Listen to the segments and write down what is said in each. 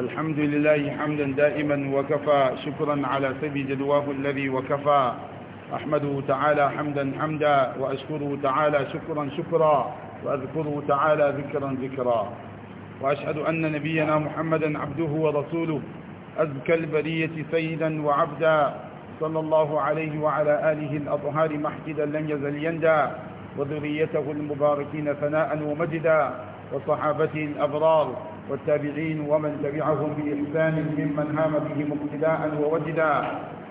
الحمد لله حمدا دائما وكفى شكرا على سبي جدواه الذي وكفى أحمده تعالى حمدا حمدا وأشكره تعالى شكرا شكرا وأذكره تعالى ذكرا ذكرا وأشهد أن نبينا محمدا عبده ورسوله أزكى البرية سيدا وعبدا صلى الله عليه وعلى آله الأطهار محجدا لم يزل يندى وذريته المباركين ثناء ومجدا وصحابته الأبرار والتابعين ومن تبعهم بإحسان ممن هام به مقتداء ووجدا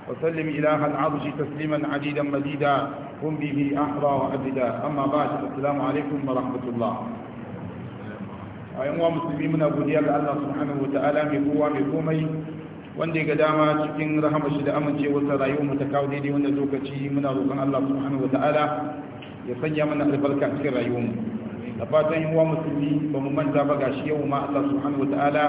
وسلم إله العرش تسليما عديدا مديدا قم به أحرى وأبدا أما بعد السلام عليكم ورحمة الله أيها المسلمين من أبو ديال الله سبحانه وتعالى مقوى مقومي وندي قداما شكين رحمة شد أمن شيء وصر أيوم متكاودي دي وندوك شئ من أبو الله سبحانه وتعالى يسجى من أبو الكأسير أيوم أيوم da fatan yin uwa musulmi ba mu manta ba gashi yau ma Allah subhanahu ta'ala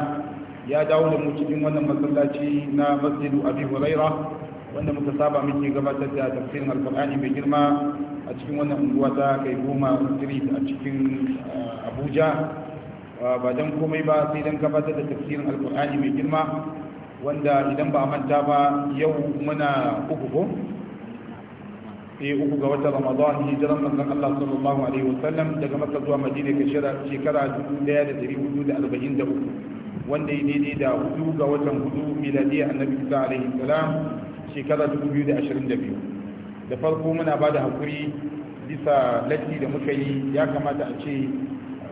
ya dawo da mu cikin wannan masallaci na masjidu abi huraira wanda muka saba muke gabatar da tafsirin alqur'ani mai girma a cikin wannan unguwa ta kai goma street a cikin uh, abuja uh, ba dan komai ba sai dan gabatar da tafsirin alqur'ani mai girma wanda idan ba a manta ba yau muna uku ko sai uku ga watan ramadan hijiran manzon Allah sallallahu alaihi wasallam daga makka zuwa madina ga shekara 1443 wanda ya daidai da hudu ga watan hudu miladiyya annabi isa alaihi salam shekara 2022 da farko muna ba da hakuri bisa latti da muka yi ya kamata a ce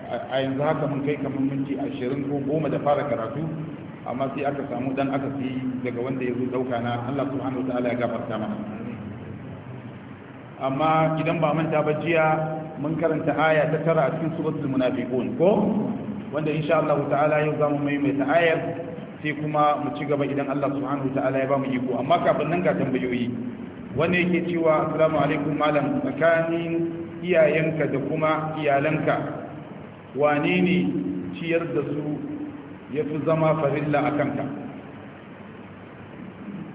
a yanzu haka mun kai kamar minti 20 ko goma da fara karatu amma sai aka samu dan aka fi daga wanda ya zo dauka na Allah subhanahu wa ta'ala ya gafarta mana amma idan ba manta ba jiya mun karanta aya ta tara a cikin suratul munafiqun ko wanda insha Allah ta'ala yau zamu maimaita ayar sai kuma mu ci gaba idan Allah subhanahu ta'ala ya ba mu iko amma kafin nan ga tambayoyi wanda yake cewa assalamu alaikum malam tsakanin iyayenka da kuma iyalanka wane ne ciyar da su ya fi zama farilla a kanka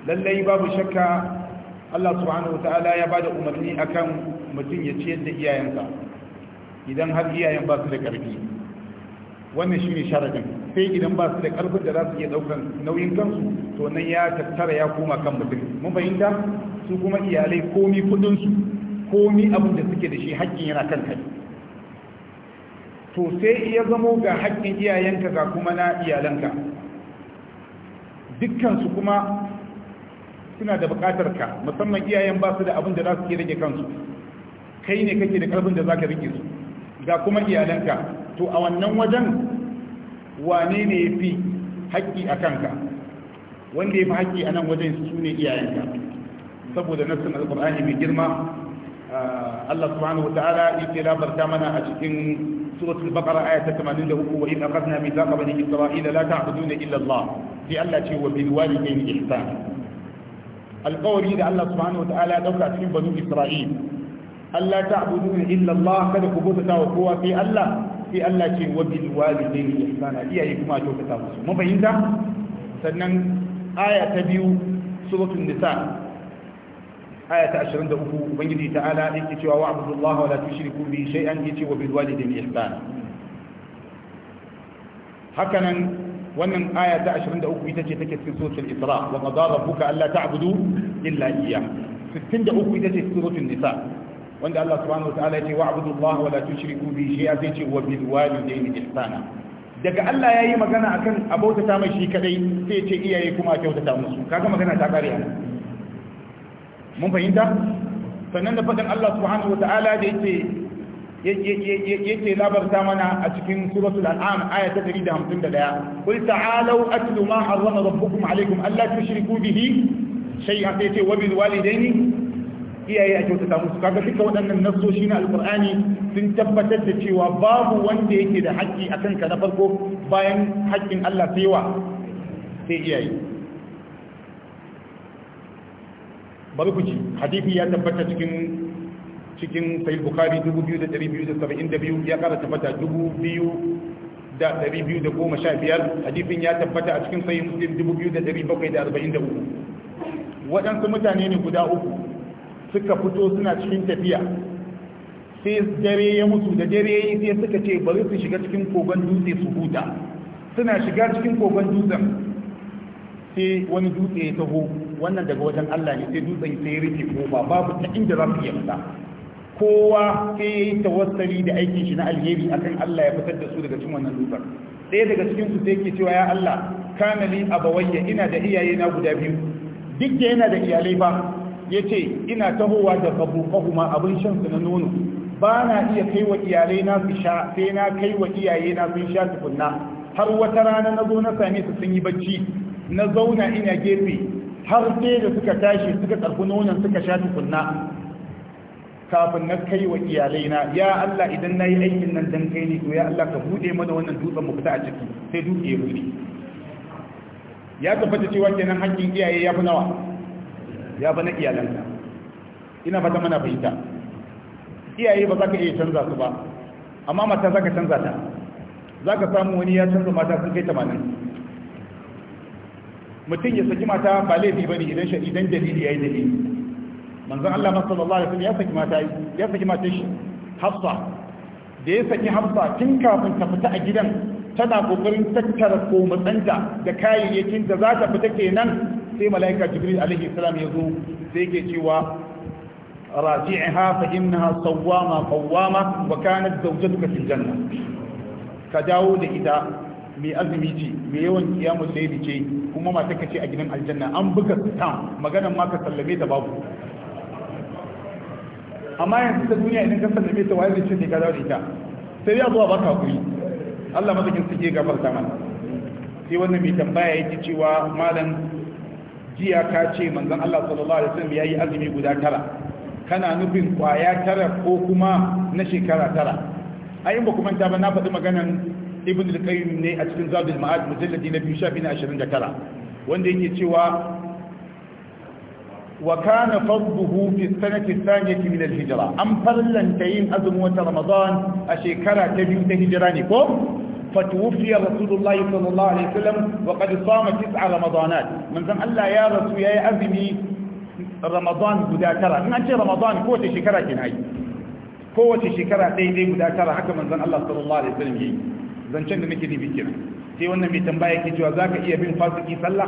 lallai babu shakka Allah subhanahu ta'ala ya bada umarni akan mutum ya ciyar da iyayensa idan har iyayen ba su da karfi wannan shine sharadin sai idan ba su da karfin da za su iya ɗaukar nauyin kansu to nan ya tattara ya koma kan mutum mun fahimta su kuma iyalai komi kudin su komi abin da suke da shi haƙƙin yana kan kai to sai iya zamo ga haƙƙin iyayenka ga kuma na iyalanka dukkansu kuma suna da bukatar ka musamman iyayen ba su da abin da za su ke rage kansu kai ne kake da karfin da za ka rike su ga kuma iyalanka to a wannan wajen wane ne ya fi haƙƙi a kanka wanda ya fi haƙƙi a nan wajen su ne iyayenka saboda nassin alƙur'ani mai girma ah, Allah subhanahu wa ta'ala yake labarta mana a cikin suratul baqara aya ta 83 wa in aqadna mithaqa bani isra'ila la ta'buduna illa Allah sai Allah ce wa bil walidayni ihsan alƙawari da Allah subhanahu wataala ya dauka cikin banu Isra'il Allah ta'budu illa Allah kada ku bauta wa kowa sai Allah sai Allah ce wa bil walidayni ihsana iyaye kuma a kyautata musu mun fahimta sannan aya ta biyu suratul nisa aya ta 23 ubangiji ta'ala yake cewa wa abudullahi wa la tushriku bihi shay'an yace wa bil walidayni ihsana hakanan wannan aya ta 23 ita ce take cikin suratul isra wa qadara Allah ta abudu illa iyyah 63 ita ce cikin suratul nisa wanda Allah subhanahu wataala ya ce abudu Allah wa la tushriku bihi shay'a sai ce wa bil walidayni ihsana daga Allah yayi magana akan abautata mai shi kadai sai ce iyaye kuma kyautata musu kaga magana ta kare mun fahimta sannan da fadan Allah subhanahu wataala da yake yake labarta mana a cikin suratul al'am aya ta 151 qul ta'alu atlu ma harrama rabbukum alaykum alla tushriku bihi shay'an sai ce wa bil walidaini iyaye a kyautata musu kaga duka waɗannan nassoshi na alqur'ani sun tabbatar da cewa babu wanda yake da haƙƙi akan ka na farko bayan haƙƙin Allah sai wa sai iyaye bari ku ji hadisi ya tabbata cikin cikin sai bukari 2272 ya kara tabbata 2215 hadisin ya tabbata a cikin sai muslim 2743 waɗansu mutane ne guda uku suka fito suna cikin tafiya sai dare ya mutu da dare ya yi sai suka ce bari su shiga cikin kogon dutse su huta suna shiga cikin kogon dutsen sai wani dutse ya taho wannan daga wajen Allah ne sai dutsen sai ya rike ko babu ta inda za su iya fita kowa sai ya yi tawassali da aikin shi na alheri akan Allah ya fitar da su daga cikin wannan dukar ɗaya daga cikin su sai ke cewa ya Allah kamali abawayya ina da iyaye na guda biyu duk da yana da iyalai ba yace ina tahowa da babukahuma abin shan su na nono ba na iya kai wa iyalai na su sha sai na kai wa iyaye na sun sha tukunna har wata rana na zo na same su sun yi bacci na zauna ina gefe har sai da suka tashi suka karfi nonon suka sha tukunna kafin na kai wa iyalaina ya Allah idan na yi aikin nan dan kai ne to ya Allah ka buɗe mana wannan dutsen mu fita a ciki sai dutse ya buɗe ya tabbata cewa kenan hakkin iyaye ya fi nawa ya fi na iyalanka ina fata mana fahimta iyaye ba za ka iya canza su ba amma mata za ka canza ta za ka samu wani ya canza mata sun kai tamanin mutum ya saki mata ba laifi ba ne idan dalili ya yi dalili manzon Allah sallallahu alaihi ya saki mata ya saki shi Hafsa da ya saki Hafsa tun kafin ta fita a gidan tana kokarin tattara komatsanta da kayayyakin da za ta fita kenan sai malaika Jibril alaihi salam ya zo sai yake cewa راجعها فإنها صوامة قوامة وكانت زوجتك ka dawo da ita mai azumi ce mai yawan kiyamun laili ce kuma mata kace a gidan aljanna an buga ta maganan ma ka sallame ta babu amma yanzu ta duniya idan ka da ta waye cikin ce ka dawo da ita sai ya zuwa baka kuri Allah mazikin suke gabar mana sai wannan mai tambaya yake cewa malam jiya ka ce manzon Allah sallallahu alaihi wasallam yi azumi guda tara kana nufin kwaya tara ko kuma na shekara tara a in ba manta ba na faɗi maganan ibn al-qayyim ne a cikin zadul ma'ad mujalladi na ashirin da tara wanda yake cewa wa kana fadduhu fi sanati thaniyati min al-hijra an farlanta yin azumin wata ramadan a shekara ta biyu ta hijira ne ko فتوفي رسول الله صلى الله عليه وسلم وقد صام تسع رمضانات من زم الله يا رسول يا أزمي رمضان بداترة من أنت رمضان قوة شكرة هاي قوة شكرة دي دي بداترة حكا من زم الله صلى الله عليه وسلم يي زن شند مكي دي بكنا في وانا ميتنبايا كتوا ذاك إيا بن فاسقي صلى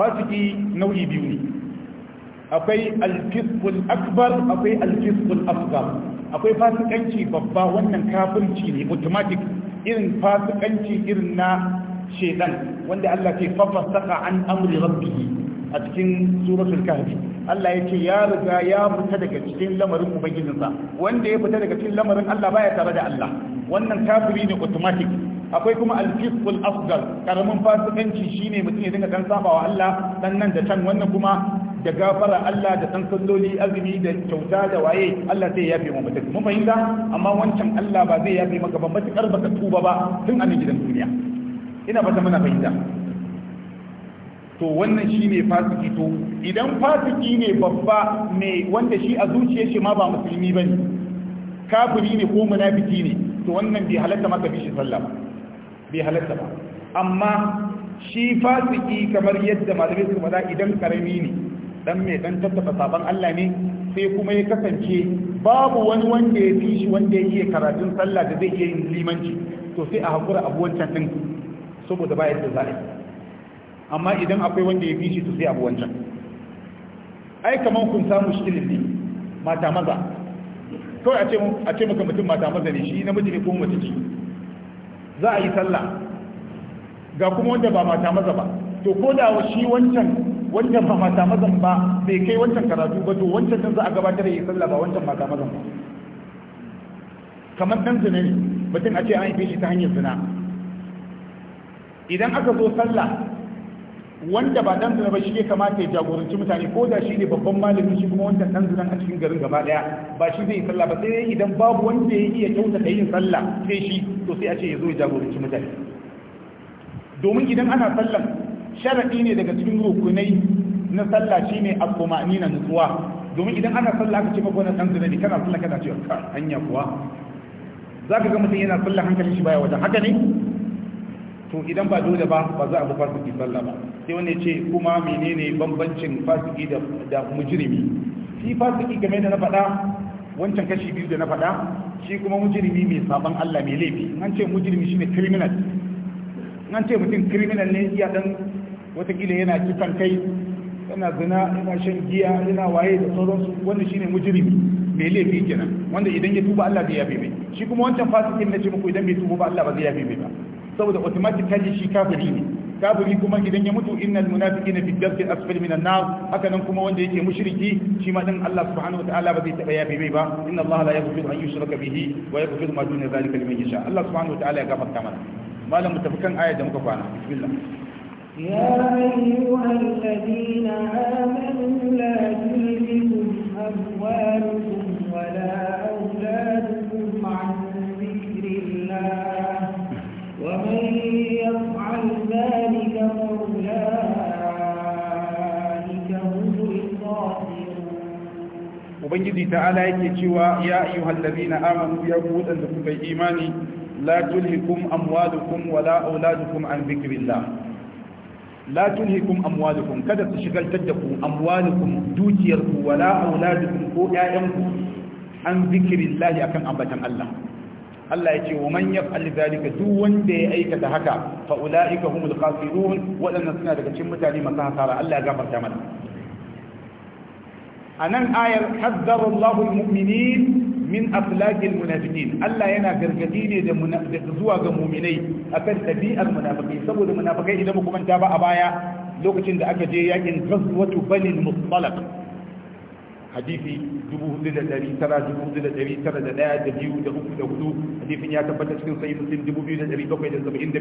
fasiki nau'i biyu ne akwai alfiskul akbar akwai alfiskul asgar akwai fasikanci babba wannan kafirci ne automatic irin fasikanci irin na shedan wanda Allah ke fafasaka an amri rabbihi a cikin suratul kahfi Allah ya ce ya riga ya fita daga cikin lamarin ubangijinsa wanda ya fita daga cikin lamarin Allah baya tare da Allah wannan kafiri ne automatic akwai kuma alfiqul asghar karamin fasikanci shine mutum ya dinga dan sabawa Allah dan nan da can wannan kuma da gafara Allah da san salloli azumi da kyauta da waye Allah zai yafe mu mutum mun fahimta amma wancan Allah ba zai yafe maka ba matukar baka tuba ba tun a gidan duniya ina fata muna fahimta to wannan shine fasiki to idan fasiki ne babba mai wanda shi a zuciya shi ma ba musulmi bane kafiri ne ko munafiki ne to wannan bai halatta maka bishi sallah ba bai halatta ba amma shi fasiki kamar yadda malamai suka faɗa idan karami ne dan mai dan tattafa saban Allah ne sai kuma ya kasance babu wani wanda ya fi shi wanda ya iya karatun sallah da zai iya yin limanci to sai a hakura abu wancan din saboda ba yadda za a yi amma idan akwai wanda ya fi shi to sai abu wancan ai kamar kun samu shikilin ne mata maza kawai a ce maka mutum mata maza ne shi namiji ne ko mace ce za a yi sallah ga kuma wanda ba mata maza ba to ko da shi wancan wanda ba mata maza ba bai kai wancan karatu ba to wancan din za a gabatar da yi sallah ba wancan mata maza ba kamar dan zina ne mutum a ce an yi shi ta hanyar zina idan aka zo sallah wanda ba dan zuna ba shi ne kamata ya jagoranci mutane ko da shi ne babban malami shi kuma wanda dan zuna a cikin garin gaba daya ba shi zai yi sallah ba sai idan babu wanda ya iya kyautata yin sallah sai shi to sai a ce ya zo ya jagoranci mutane domin idan ana sallan sharadi ne daga cikin rukunai na sallah shine a qumani na nutsuwa domin idan ana sallah aka ce maka wannan dan zuna ne kana sallah kana cewa ka hanya kuwa zaka ga mutum yana sallah hankalin shi baya wajen haka ne to idan ba dole ba ba za a farko ki sallah ba sai wani ce kuma menene bambancin fasiki da mujirimi shi fasiki game da na faɗa wancan kashi biyu da na faɗa shi kuma mujirimi mai saban Allah mai laifi an ce mujirimi shine criminal an ce mutum criminal ne iya dan watakila yana kifan kai yana zina yana shan giya yana waye da sauransu wanda shine mujirimi mai laifi kenan wanda idan ya tuba Allah zai yafe mai shi kuma wancan fasikin na ce muku idan bai tuba ba Allah ba zai yafe mai ba saboda automatically shi kafiri ne kafiri kuma idan ya mutu innal munafiqina fi dafki asfal min an-nar haka nan kuma wanda yake mushriki shi ma din Allah subhanahu wataala ba zai taba yafi bai ba inna Allah la yaghfiru an yushraka bihi wa yaghfiru ma duna zalika liman yasha Allah subhanahu wataala ya gafarta mana malam mutafakan ayat da muka kwana bismillah يا أيها الذين آمنوا لا تلهكم أموالكم ولا أولادكم ubangiji ta'ala yake cewa ya ayyuhal ladina amanu ya ku wadanda kuka yi imani la tulhikum amwalukum wala auladukum an dhikrillah la tulhikum amwalukum kada ku shigaltar da ku amwalukum dukiyarku wala auladukum ko ƴaƴan ku an dhikrillah akan ambatan Allah Allah ya ce wa man yaf'al zalika duk wanda ya aikata haka fa ulaika humul khasirun wadannan suna daga cikin mutane masu hasara Allah ya gafarta mana a nan ayar haddara Allahul mu'minin min aflakil munafiqin Allah yana gargadi ne da zuwa ga mu'minai akan ɗabi'ar munafiqai saboda munafikai idan muka manta ba a baya lokacin da aka je yakin ghazwatu bani mustalaq hadisi hudu hadisin ya tabbata cikin sahih muslim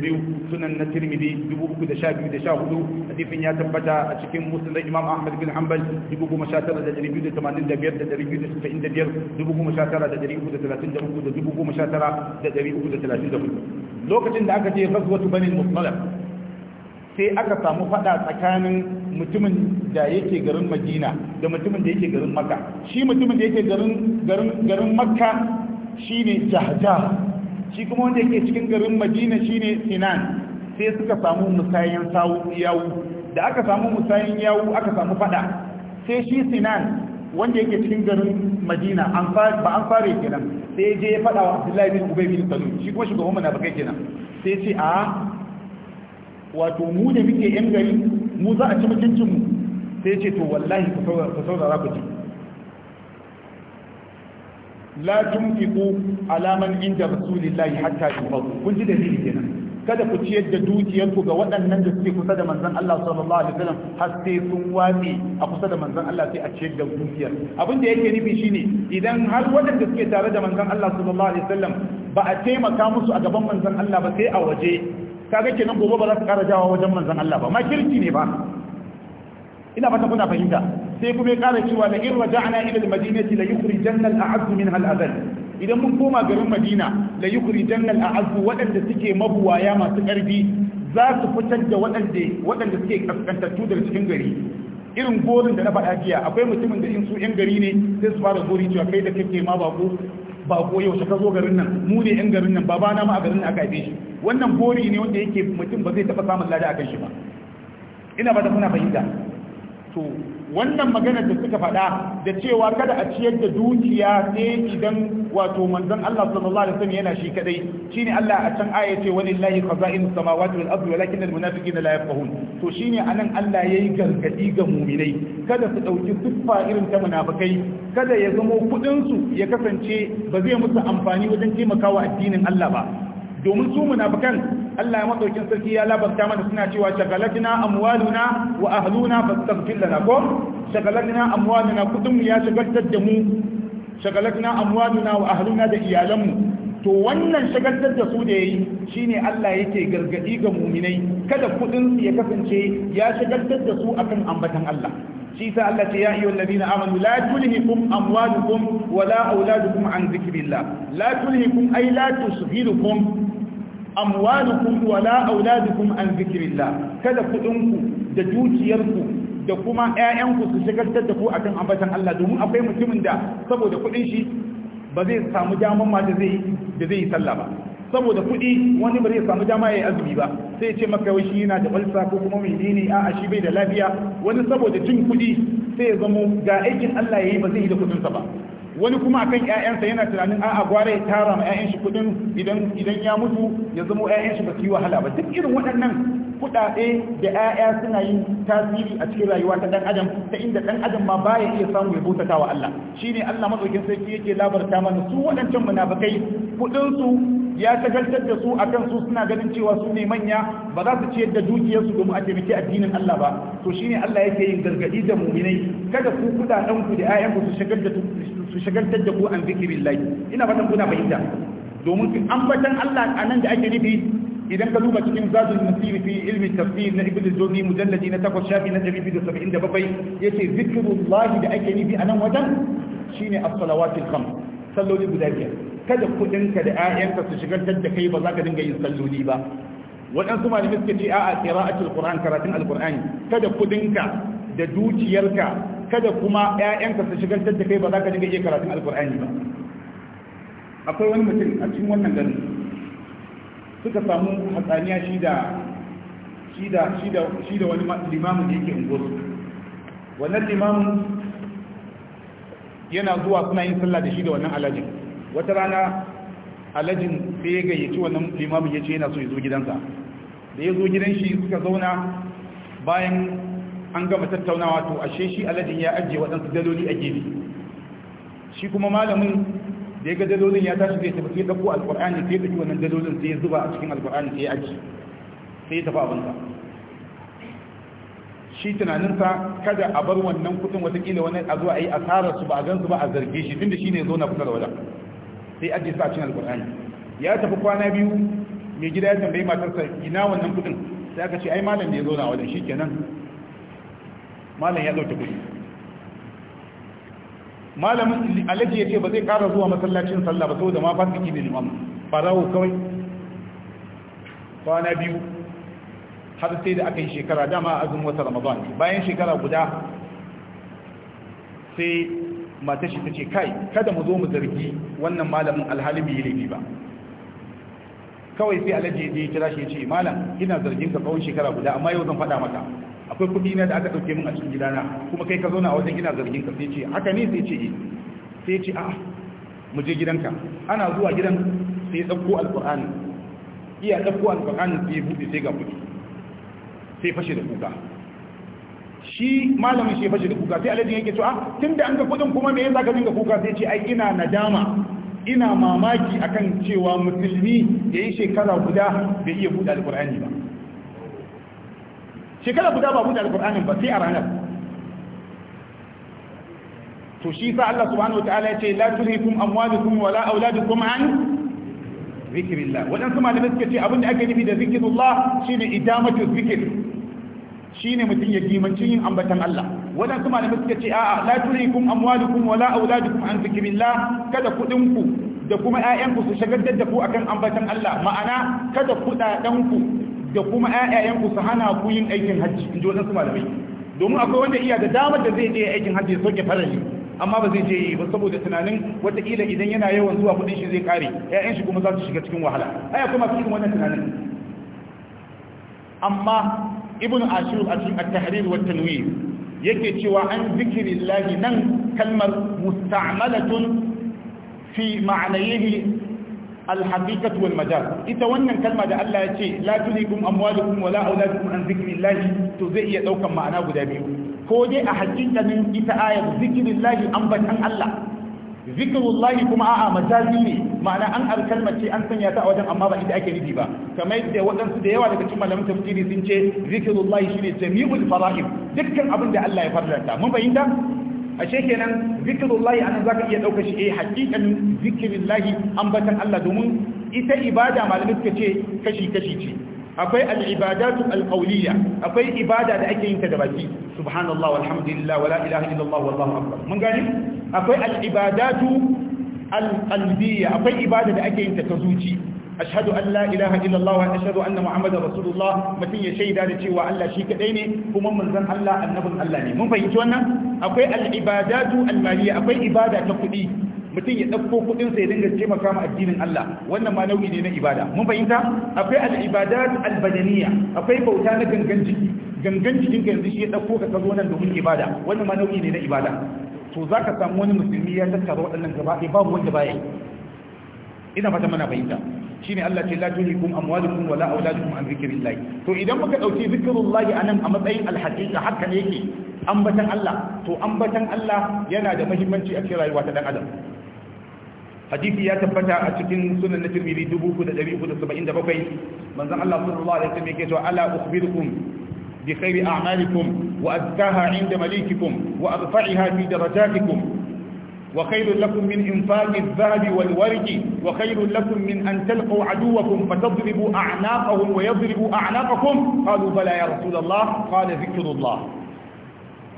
biyu sunan na tirmidhi hudu hadisin ya tabbata a cikin musnad imam ahmad bin hanbal tara da da hudu. lokacin da aka je ghazwatu bani muttalib sai aka samu fada tsakanin mutumin da yake garin madina da mutumin da yake garin makka shi mutumin da yake garin garin garin makka shine jahja shi kuma wanda yake cikin garin madina shine sinan sai suka samu musayen sawu yawu da aka samu musayen yawu aka samu fada sai shi sinan wanda yake cikin garin madina ba an fara yake nan sai je ya fada wa abdullahi bin ubay bin salul shi kuma shugaban bakai kenan sai ce a wato mu da muke yan gari mu za a ci mutuncinmu sai ce to wallahi ku saurara ku ji la tunfiqu ala man inda rasulillahi hatta yufadu kun ji dalili kenan kada ku ciyar da dukiyarku ga waɗannan da suke kusa da manzan Allah sallallahu alaihi wasallam har sai sun watsi a kusa da manzan Allah sai a ciyar da dukiyar abin da yake nufi shine idan har waɗanda suke tare da manzan Allah sallallahu alaihi wasallam ba a taimaka musu a gaban manzan Allah ba sai a waje kaga kenan gobe ba za su ƙara jawo wajen manzon Allah ba makirci ne ba ina fata kuna fahimta sai kuma ya ƙara cewa la in raja'na ila al-madinati la yukhrijanna al-a'azz minha al-adhall idan mun koma garin Madina la yukhrijanna al-a'azz waɗanda suke mabuwaya masu ƙarfi za su fitar da waɗanda suke kaskantattu daga cikin gari irin gorin da na faɗa jiya akwai mutumin da in su yan gari ne sai su fara gori cewa kai da kake ma bako bako yau ka zo garin nan mu ne yan garin nan babana ma a garin nan aka shi wannan bori ne wanda yake mutum ba zai taɓa samun lada a kan shi ba ina ba da kuna fahimta to wannan maganar da suka faɗa da cewa kada a ciyar da dukiya ne idan wato manzon Allah sallallahu alaihi wasallam yana shi kadai shine Allah a can aya ce walillahi khaza'inu samawati wal ardi walakin al munafiqina la yafqahun to shine anan Allah yayi gargadi ga mu'minai kada su dauki siffa irin ta munafikai kada ya zamo kudin su ya kasance ba zai musu amfani wajen taimakawa addinin Allah ba domin su munafikan Allah ya madaukin sarki ya labarta mana suna cewa shagalatina amwaluna wa ahluna fastaghfir lana ko shagalatina amwaluna kudum ya shagaltar da mu shagalatina amwaluna wa ahluna da iyalanmu to wannan shagaltar da su da yayi shine Allah yake gargadi ga mu'minai kada kudin su ya kasance ya shagaltar da su akan ambatan Allah shi sa Allah ce ya ayyuhal ladina amanu la tulhikum amwalukum wala auladukum an zikrillah la tulhikum ay la tusghirukum amwalukum wala auladukum an zikrillah kada kudinku da dukiyarku da kuma ƴaƴanku su shagaltar da ku akan ambatan Allah domin akwai mutumin da saboda kuɗin shi ba zai samu daman ma da zai da zai sallah ba saboda kuɗi wani ba zai samu dama ya yi azumi ba sai ce maka wai shi yana da balsa ko kuma mai dini a a shi bai da lafiya wani saboda cin kuɗi sai ya zamo ga aikin Allah ya yi ba zai yi da kuɗin sa ba wani kuma akan ƴaƴansa yana tunanin a gware ya tara ma ƴaƴan shi kuɗin idan idan ya mutu ya zamo ƴaƴan shi ba su yi wahala ba duk irin waɗannan kuɗaɗe da ƴaƴa suna yin tasiri a cikin rayuwa ta ɗan adam ta inda ɗan adam ma baya iya samu ya bautata wa Allah shine Allah madaukin sarki yake labarta mana su waɗancan munafikai kuɗin su ya shagaltar da su akan su suna ganin cewa su ne manya ba za su ciyar da dukiyarsu domin a taimaki addinin Allah ba to shine Allah yake yin gargadi da muminai kada ku kudaden ku da ƴaƴan ku su shagaltar su shagaltar da ku an zikirillahi ina fatan kuna fahimta domin an ambatan Allah a nan da ake nufi idan ka duba cikin zadul masir fi ilmi tafsir na ibnu jawzi mujalladi na takwas shafi na 277 yace zikrullahi da ake nufi a nan wajen shine as-salawatul khams salloli guda biyar kada kudinka da 'ya'yanka su shigar da kai ba za ka dinga yin salloli ba waɗansu malami suka ce a qira'atul qur'an karatun alqur'an kada kudinka da dukiyarka kada kuma 'ya'yanka su shigar da kai ba za ka dinga yin karatun alqur'ani ba akwai wani mutum a cikin wannan garin suka samu hatsaniya shi da shi da shi da shi da wani limamin da yake ungosu wannan limamin yana zuwa suna yin sallah da shi da wannan alajin wata rana alajin sai ya gayyaci wannan limamin ya ce yana so ya zo gidansa da ya zo gidan shi suka zauna bayan an gama tattaunawa to ashe shi alajin ya ajiye waɗansu daloli a gefe shi kuma malamin da ya ga dalolin ya tashi zai tafi sai ɗauko alƙur'ani sai ɗauki wannan dalolin sai ya zuba a cikin alƙur'ani sai ya aji sai ya tafi abinsa shi tunaninsa kada a bar wannan kuɗin watakila wani a zuwa a yi asarar su ba a gansu ba a zarge shi tunda shi ne zo na kusa da wajen sai ajiye su a cin alkur'ani ya tafi kwana biyu mai gida ya tambayi matarsa ina wannan kudin sai aka ce ai malam ne ya zauna wajen shi kenan malam ya dauke kudi malamin alaji ya ce ba zai kara zuwa masallacin sallah ba saboda ma fasiki ne limam farawo kawai kwana biyu har sai da aka yi shekara dama azumin wata ramadan bayan shekara guda sai Mata shi ta ce kai kada mu zo mu zargi wannan malamin alhali bai laifi ba kawai sai alhaji ya je kira shi ya ce malam ina zargin ka tsawon shekara guda amma yau zan faɗa maka akwai kuɗi na da aka ɗauke min a cikin gidana kuma kai ka zauna a wajen ina zargin ka sai ce haka ne sai ce eh sai ce a'a mu je gidanka ana zuwa gidan sai ɗauko alƙur'ani iya ɗauko alƙur'ani sai ya buɗe sai ga kuɗi sai fashe da kuka shi malamin shi ya fashe kuka sai alhaji yake cewa ah, da an ga kudin kuma me yasa ka dinga kuka sai ce ai ina nadama ina mamaki akan cewa musulmi da yi shekara guda bai iya buɗe alƙur'ani ba shekara guda ba buɗe alƙur'anin ba sai a ranar to shi sa Allah subhanahu wataala ya ce la tulhikum amwalukum wala auladukum an zikrillah wadansu malamai suka ce da ake nufi da zikrullah shine idamatu zikr Shi ne mutum ya dimanci yin ambatan Allah wadansu malamai suka ce a'a la turikum amwalukum wala auladukum an zikrillah kada kuɗin ku da kuma ƴaƴanku su shagaltar da ku akan ambatan Allah ma'ana kada kudaden ku da kuma ƴaƴayanku su hana ku yin aikin hajji in ji wadansu malamai domin akwai wanda iya da damar da zai je aikin hajji ya soke farali amma ba zai je yi ba saboda tunanin wataƙila idan yana yawan zuwa kudin shi zai kare ƴaƴan shi kuma za su shiga cikin wahala akwai masu cikin wannan tunanin amma Ibnu ashur a cikin at-tahrir wa tanwir yake cewa an zikiri lahi nan kalmar musta'malatun fi ma'anayhi الحقيقه والمجال اذا wannan kalma da Allah yace la tulikum amwalukum wala auladukum an zikrillah tuzai daukan ma'ana guda biyu ko dai a hakika ne ita ayat zikrillah an batan Allah zikrullahi kuma a'a majazi ne ma'ana an alkalma an sanya ta a wajen amma ba ita ake nufi ba kamar yadda waɗansu da yawa daga cikin malamin tafsiri sun ce zikrullahi shine jami'ul fara'id dukkan abin da Allah ya farlanta mun fahimta ashe kenan zikrullahi anan zaka iya dauka shi eh hakikan zikrullahi ambatan Allah domin ita ibada malamin suka ce kashi kashi ce akwai al'ibadatu al'auliya akwai ibada da ake yin ta da baki subhanallah walhamdulillah wala ilaha illallah wallahu akbar mun gani akwai al'ibadatu al'albiya akwai ibada da ake yin ta ta zuci ashhadu an la illallah wa ashhadu anna Muhammadu rasulullah mutum ya shaida da cewa Allah shi kadai ne kuma manzon Allah annabin Allah ne mun fahimci wannan akwai al'ibadatu al akwai ibada ta kuɗi mutum ya ɗauko kuɗin sai dinga taimaka ma addinin Allah wannan ma nau'i ne na ibada mun fahimta akwai al-ibadat al akwai bauta na gangan jiki gangan jikin ka yanzu shi ya ɗauko ka zo nan domin ibada wannan ma nau'i ne na ibada to za ka samu wani musulmi ya tattara waɗannan gaba ɗaya babu wanda baya yi ina fata mana fahimta ne Allah ce la tulikum amwalukum wala auladukum an zikrillah to idan muka dauki zikrullah anan a matsayin alhaqiqa haka ne yake ambatan Allah to ambatan Allah yana da muhimmanci a cikin rayuwa ta dan adam hadisi ya tabbata a cikin sunan na tirmidhi 3377 manzon Allah sallallahu alaihi wasallam yake to ala ukhbirukum بخير أعمالكم وأزكاها عند مليككم وأرفعها في درجاتكم وخير لكم من إنفاق الذهب والورق وخير لكم من أن تلقوا عدوكم فتضربوا أعناقهم ويضربوا أعناقكم قالوا بلى يا رسول الله قال ذكر الله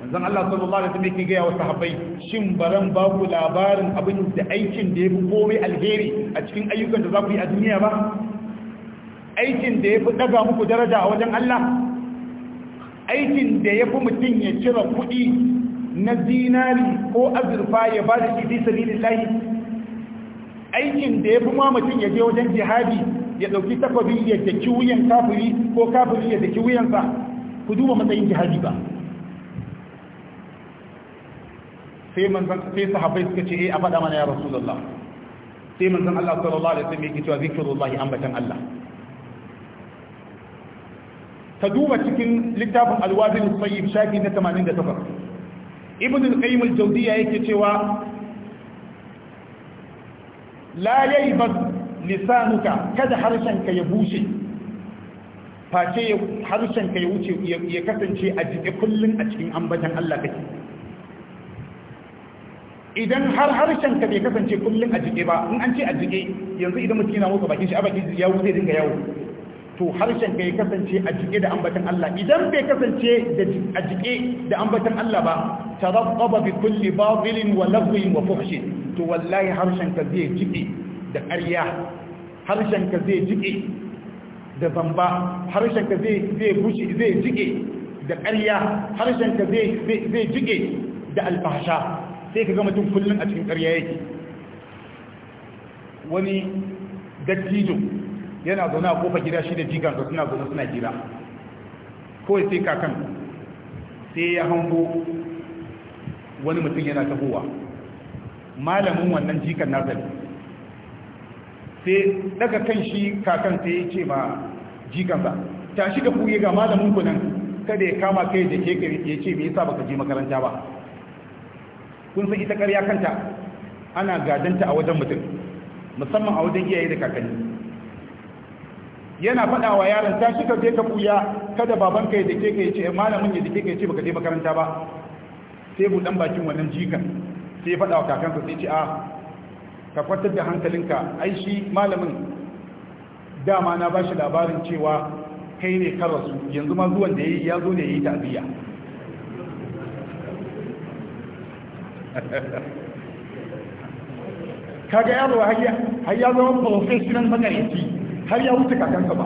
manzon Allah sallallahu alaihi wasallam yake gaya wa sahabbai shin baran ba ku labarin abin da aikin da yafi komai alheri a cikin ayyukan da za ku yi a duniya ba aikin da yafi daga muku daraja a wajen Allah aikin da ya fi mutum ya cire kuɗi na zinari ko azurfa ya ba da shi fi sabilin lahi aikin da ya fi ma mutum ya je wajen jihadi ya ɗauki takwabi ya daki wuyan kafuri ko kafuri ya daki wuyansa ku duba matsayin jihadi ba sai manzan sai sahabbai suka ce eh, a faɗa mana ya rasu rasulullah sai manzan Allah sallallahu alaihi wasallam yake cewa zikrullahi ambatan Allah ka duba cikin littafin alwazin tsayyib shafi na 88 ibn al-qayyim al-jawziyya yake cewa la yaiba lisanuka kada harshenka ya bushe face harshenka ya wuce ya kasance a jike kullun a cikin ambatan Allah kake idan har harshenka bai kasance kullun a jike ba in an ce a jike yanzu idan mutum yana motsa bakin shi a bakin ya wuce dinga yawo to harshen ka ya kasance a jike da ambatan Allah idan bai kasance a jike da ambatan Allah ba tarabbaba bi kulli batilin wa lafzin wa fuhsh to wallahi harshen ka zai jike da ƙarya harshen ka zai jike da zamba harshen ka zai zai bushe zai jike da ƙarya harshen ka zai zai jike da alfahsha sai ka ga mutum kullun a cikin ƙarya yake wani dattijo yana zaune a kofa gida shi da da suna zaune suna gida kawai sai kakan sai ya hango wani mutum yana tabowa malamin wannan jikan nasa sai daga kan shi kakan sai ya ce ma ba ta shi ka kuge ga malamin ku nan kada ya kama kai da ke ya ce mai yasa baka je makaranta ba kun san ita karya kanta ana gadanta a wajen mutum musamman a wajen iyaye da kakanni yana faɗa wa yaron ta shi ka je ka buya kada babanka ya dake ka yace malamin ya dake ka yace baka je makaranta ba sai dan bakin wannan jika sai ya faɗa wa kakan sai ce a ka kwatar da hankalinka ai shi malamin dama na bashi labarin cewa kai ne karasu yanzu ma zuwan da ya zo ne ya yi kaga yaro har ya zama professional magareci har ya wuce kakansa ba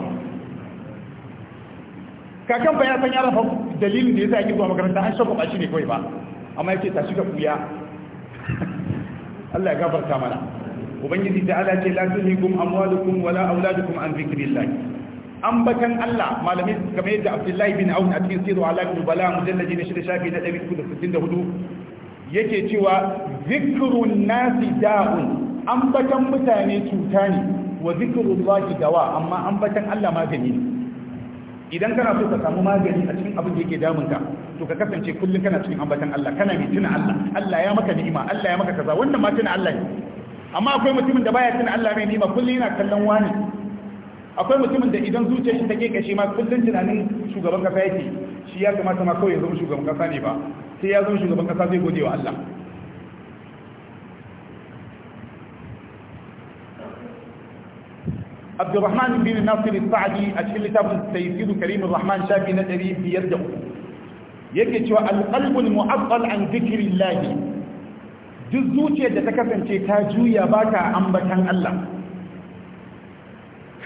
kakan ba ya san ya rafa dalilin da ya sa yake zuwa makaranta an shagwaba shi ne kawai ba amma ya ce tashi ka kuya Allah ya gafarta mana ubangiji ta ala ce la tulhikum amwalukum wala auladukum an zikrillah bakan Allah malami kamar yadda Abdullahi bin Aun a cikin sirru ala ibn Bala mujallaji na shida shafi na da da sittin hudu yake cewa zikrun nasi da'un bakan mutane cuta ne wa zikrullahi dawa amma ambatan Allah magani ne idan kana so ka samu magani a cikin abin da yake damun ka to ka kasance kullum kana cikin ambatan Allah kana mai tuna Allah Allah ya maka ni'ima Allah ya maka kaza wannan ma tuna Allah ne amma akwai mutumin da baya tuna Allah mai ni'ima kullum yana kallon wani akwai mutumin da idan zuciyar shi ta ke kashe ma kullum tunanin shugaban kasa yake shi ya kamata ma kawai ya zama shugaban kasa ne ba sai ya zama shugaban kasa zai gode wa Allah عبد الرحمن بن ناصر السعدي أشهر لتاب سيد كريم الرحمن شافي ندري بيرجع يكتشو القلب المعطل عن ta الله جزوتي تتكفن تاجو يا باكا أنبتا الله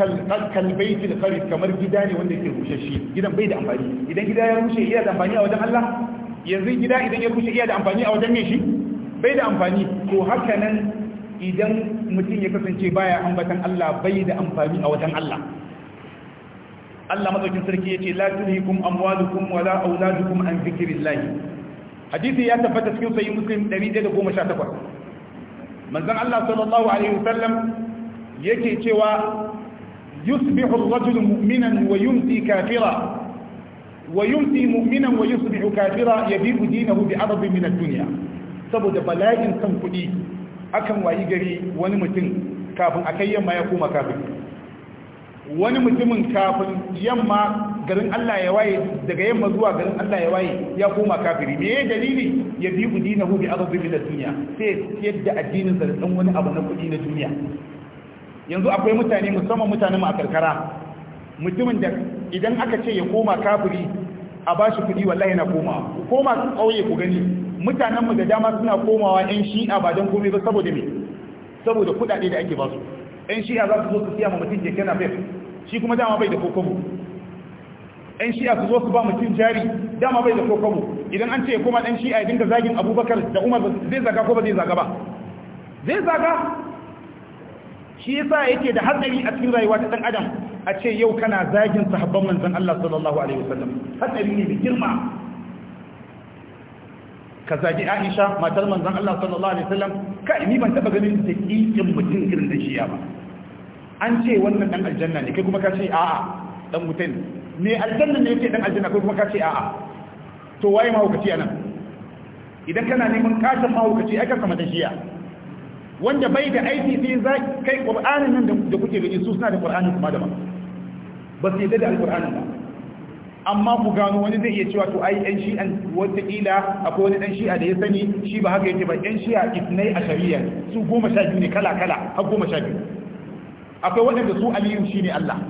fi da kharif kamar gida ne wanda yake rushashe gidan bai da amfani idan gida ya rushe iya da amfani a wajen Allah yanzu gida idan ya rushe iya da amfani a wajen me shi bai da amfani ko haka nan idan mutum ya kasance baya ambatan Allah bai da amfani a wajen Allah Allah madaukin sarki yace la tulhikum amwalukum wala auladukum an zikrillah hadisi ya tabbata cikin sahih muslim 118 manzon Allah sallallahu alaihi wasallam yake cewa yusbihu ar-rajul mu'minan wa yumsi kafira wa yumsi mu'minan wa yusbihu kafira yabi'u dinahu bi'adab min ad-dunya saboda bala'in san kudi akan wayi gari wani mutum kafin a kai yamma ya koma kafin wani mutumin kafin yamma garin Allah ya waye daga yamma zuwa garin Allah ya waye ya koma kafiri me ya dalili ya bi dinahu bi arzi min dunya sai yadda addinin sa dan wani abu na kudi na duniya yanzu akwai mutane musamman mutane mu a karkara mutumin da idan aka ce ya koma kafiri a bashi kudi wallahi na koma koma kauye ku gani mutanenmu da dama suna komawa 'yan shi'a ba don komai ba saboda me saboda kudade da ake basu 'yan shi'a za su zo su siya ma mutum keke na fef shi kuma dama bai da kokobo 'yan shi'a su zo su ba mutum jari dama bai da kokobo idan an ce kuma ɗan shi'a ya dinga zagin abubakar da umar zai zaga ko ba zai zaga ba zai zaga shi yasa yake da hatsari a cikin rayuwa ta dan adam a ce yau kana zagin sahabban manzon Allah sallallahu alaihi wasallam hatsari ne da girma ka zagi Aisha matar manzon Allah sallallahu alaihi wasallam kai ni ban taba ganin ta kikin mutum irin da shi ba an ce wannan dan aljanna ne kai kuma ka ce a'a dan mutum ne aljanna ne yake dan aljanna kai kuma ka ce a'a to waye mahaukaci anan idan kana neman katin mahaukaci ai kanka mata shiya wanda bai da aiki sai za kai qur'anin nan da kuke gani su suna da qur'anin kuma da ba ba su yadda da alqur'anin ba amma ku gano wani zai iya cewa to ai yan shi'an wataƙila akwai wani ɗan shi'a da ya sani shi ba haka yake ba yan shi'a itnai a shari'a su goma sha biyu ne kala kala har goma sha biyu akwai waɗanda su aliyu shi ne Allah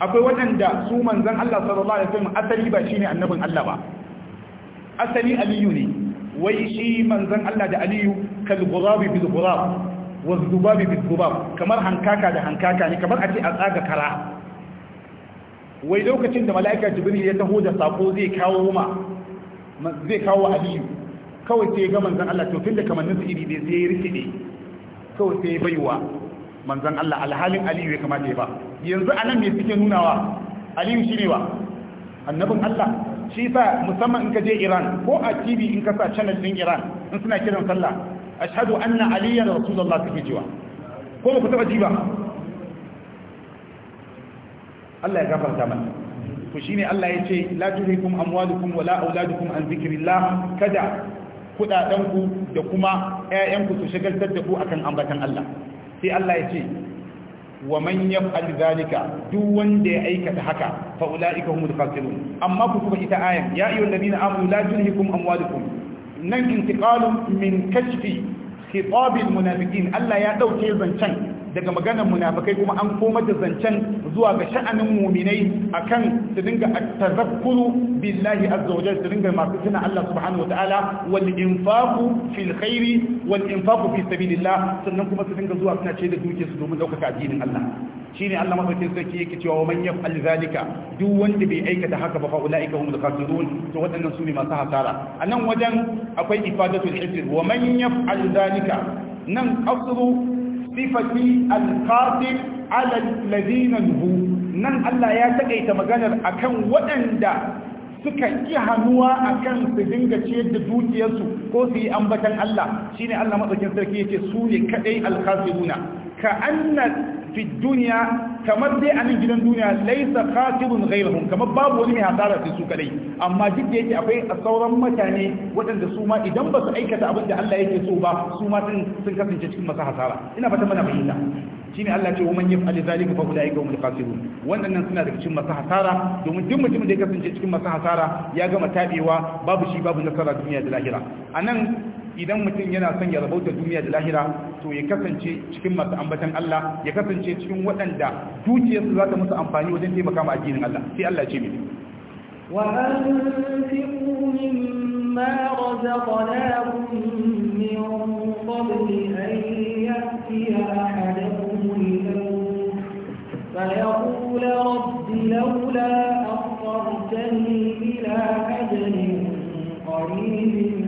akwai waɗanda su manzan Allah sallallahu alaihi wasallam asali ba shi ne annabin Allah ba asali aliyu ne wai shi manzan Allah da aliyu kal ghurabi bil ghurab wa dhubabi bil dhubab kamar hankaka da hankaka ne kamar a ce a tsaga kara wai lokacin da mala'ika jibril ya taho da sako zai kawo ma zai kawo aliyu kawai sai ga manzan Allah to da kamannin su iri ne sai ya rikide kawai sai baiwa manzan Allah alhalin aliyu ya kamata ya ba yanzu anan me suke nunawa aliyu shine wa annabin Allah shi sa musamman in ka je Iran ko a TV in ka sa channel din Iran in suna kiran sallah ashhadu anna aliyan rasulullah suke jiwa ko ba ku taba ji ba Allah ya gafarta mana to shine Allah ya ce la tuhikum amwalukum wala auladukum an zikrillah kada kudadanku da kuma ƴaƴanku su shagaltar da ku akan ambatan Allah sai Allah ya ce wa man yaf'al zalika duk wanda ya aikata haka fa ulaika humul khasirun amma ku kuma ita ayan ya ayyuhal ladina amanu la tuhikum amwalukum nan intiqalun min kashfi khitabil munafiqin Allah ya dauke zancen daga maganar munafakai kuma an koma da zancen zuwa ga sha'anin muminai akan su dinga tazakkuru billahi azza wa su dinga masu tuna Allah subhanahu wa ta'ala wal infaqu fil khairi wal infaqu fi sabilillah sannan kuma su dinga zuwa suna ce da dukiyarsu domin daukaka addinin Allah shine Allah mafakin sarki yake cewa wa man yaf'al zalika duk wanda bai aikata haka ba fa ulaika humul khasirun to waɗannan su ne masu hasara anan wajen akwai ifadatul hisr wa man yaf'al zalika nan qasru صفة القاتل على الذين نهو نن الله يا تقيت مغانر أكن waɗanda suka ƙi hannuwa a kan su dinga ciyar da dukiyarsu ko su yi ambatan Allah shi ne Allah matsakin sarki yake su ne kaɗai alkhasiruna ka anna fi duniya kamar dai a nan gidan duniya laisa khatibun ghairuhum kamar babu wani mai hasara sai su kadai amma duk da yake akwai sauran mutane waɗanda su ma idan ba su aikata abin da Allah yake so ba su ma sun sun kasance cikin masa hasara ina fata mana fahimta shine Allah ce wa man yaf'al zalika fa ulai humul khasirun wannan suna daga cikin masa hasara domin duk mutumin da ya kasance cikin masu hasara ya gama tabewa babu shi babu nasara duniya da lahira anan idan mutum yana son ya rabauta duniya da lahira to ya kasance cikin masu ambatan Allah ya kasance cikin waɗanda dukiyarsu za ta musu amfani wajen taimaka ma addinin Allah sai Allah ce mai وأنفقوا لولا أخرتني إلى أجل قريب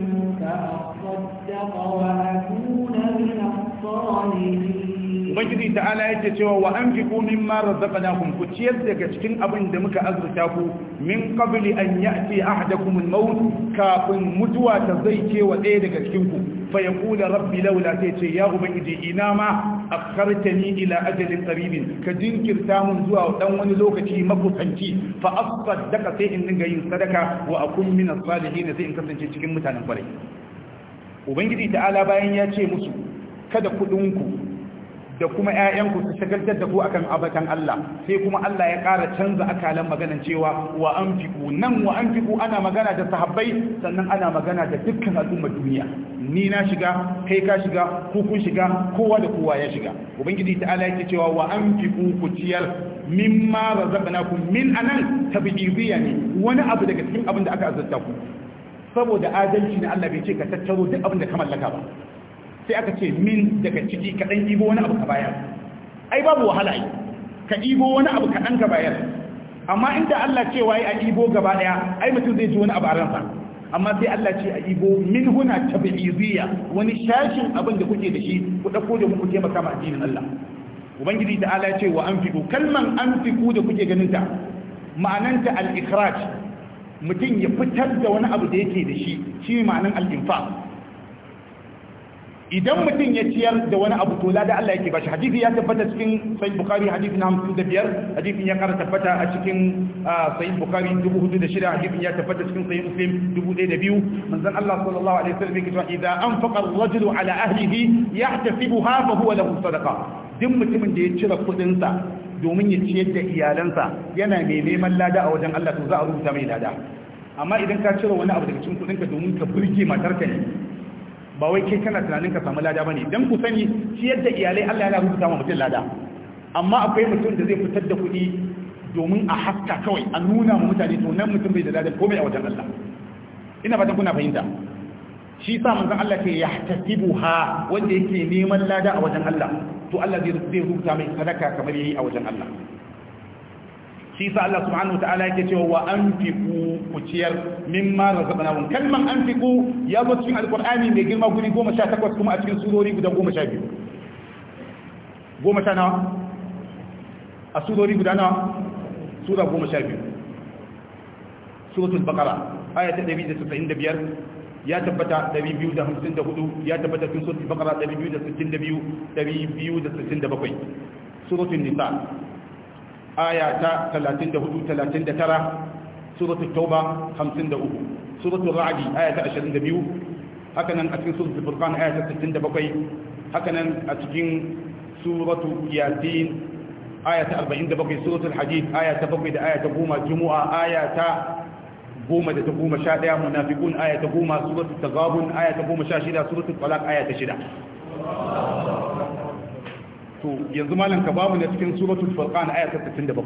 Ubangiji ta'ala yake cewa wa an fiku mimma razaqnakum ku ciyar daga cikin abin da muka azurta ku min qabli an ya'ti ahadakum kuma maun kafin mutuwa ta zai cewa ɗaya daga cikin ku fa rabbi laula ta ce ya ubangiji ina ma a kartani ila ajalin qaribin ka jinkirta mun zuwa dan wani lokaci makusanci fa asaddaka sai in dinga yin sadaka wa akun min as-salihin sai in kasance cikin mutanen kwarai ubangiji ta'ala bayan ya ce musu kada kudinku da kuma 'ya'yanku su shagaltar da ku akan abatan Allah sai kuma Allah ya ƙara canza akalan maganan cewa wa anfiqu nan wa anfiqu ana magana da sahabbai sannan ana magana da dukkan al'ummar duniya ni na shiga kai ka shiga ku kun shiga kowa da kowa ya shiga ubangiji ta'ala yake cewa wa anfiqu ku ciyar mimma razaqnakum min anan tabidiyani ne wani abu daga cikin abin da aka azurta ku saboda adalci na Allah bai ce ka tattaro duk abin da ka mallaka ba sai aka ce min daga ciki ka dan ibo wani abu ka bayar ai babu wahala yi ka ibo wani abu ka dan ka bayar amma inda Allah ce wai a ibo gaba daya ai mutum zai ji wani abu a ransa amma sai Allah ce a ibo min huna tabi'iziyya wani shashin abin da kuke da shi ku dauko da mu taimaka ma addinin Allah ubangiji ta'ala ya ce wa anfiqu kalman anfiqu da kuke ganin ta ma'ananta al-ikhraj mutum ya fitar da wani abu da yake da shi shi ma'anin al idan mutum ya ciyar da wani abu to lada Allah yake bashi hadisi ya tabbata cikin sahih bukhari hadisi na 55 hadisin ya kara tabbata a cikin sahih bukhari 46 hadisin ya tabbata cikin sahih muslim 1002 manzon Allah sallallahu alaihi wasallam yake cewa idza anfaqa ar-rajulu ala ahlihi yahtasibuha fa huwa lahu sadaqa duk mutumin da ya cire kudin sa domin ya ciyar da iyalansa yana mai neman lada a wajen Allah to za a rubuta mai lada amma idan ka cire wani abu daga cikin kudinka domin ka burge matarka ne ba wai kai kana tunanin ka samu lada bane dan ku sani ciyar da iyalai Allah yana rubuta ma mutum lada amma akwai mutum da zai fitar da kuɗi domin a haska kawai a nuna ma mutane to nan mutum bai da lada komai a wajen Allah ina fatan kuna fahimta shi sa manzon Allah ke yahtasibuha wanda yake neman lada a wajen Allah to Allah zai rubuta mai sadaka kamar yayi a wajen Allah shi sa Allah subhanahu wataala yake cewa wa anfiqu ku ciyar mimma razaqnakum kalman anfiqu ya zo cikin alqur'ani mai girma guri 18 kuma a cikin surori guda 12 goma sha nawa a surori guda nawa sura 12 suratul baqara aya ta 195 ya tabbata 254 ya tabbata cikin suratul baqara 262 267 suratul nisa aya ta 34 39 suratul tauba 53 suratul ra'd aya ta 22 haka a cikin suratul furqan aya ta 67 haka a cikin suratul yasin aya ta 47 suratul hadid aya ta 7 da aya ta 10 jumu'a aya ta goma da ta goma sha ɗaya munafikun aya ta goma suratul tagabun aya ta goma sha shida suratul talaq aya ta shida to yanzu malam ka bamu ne cikin suratul furqan aya ta 67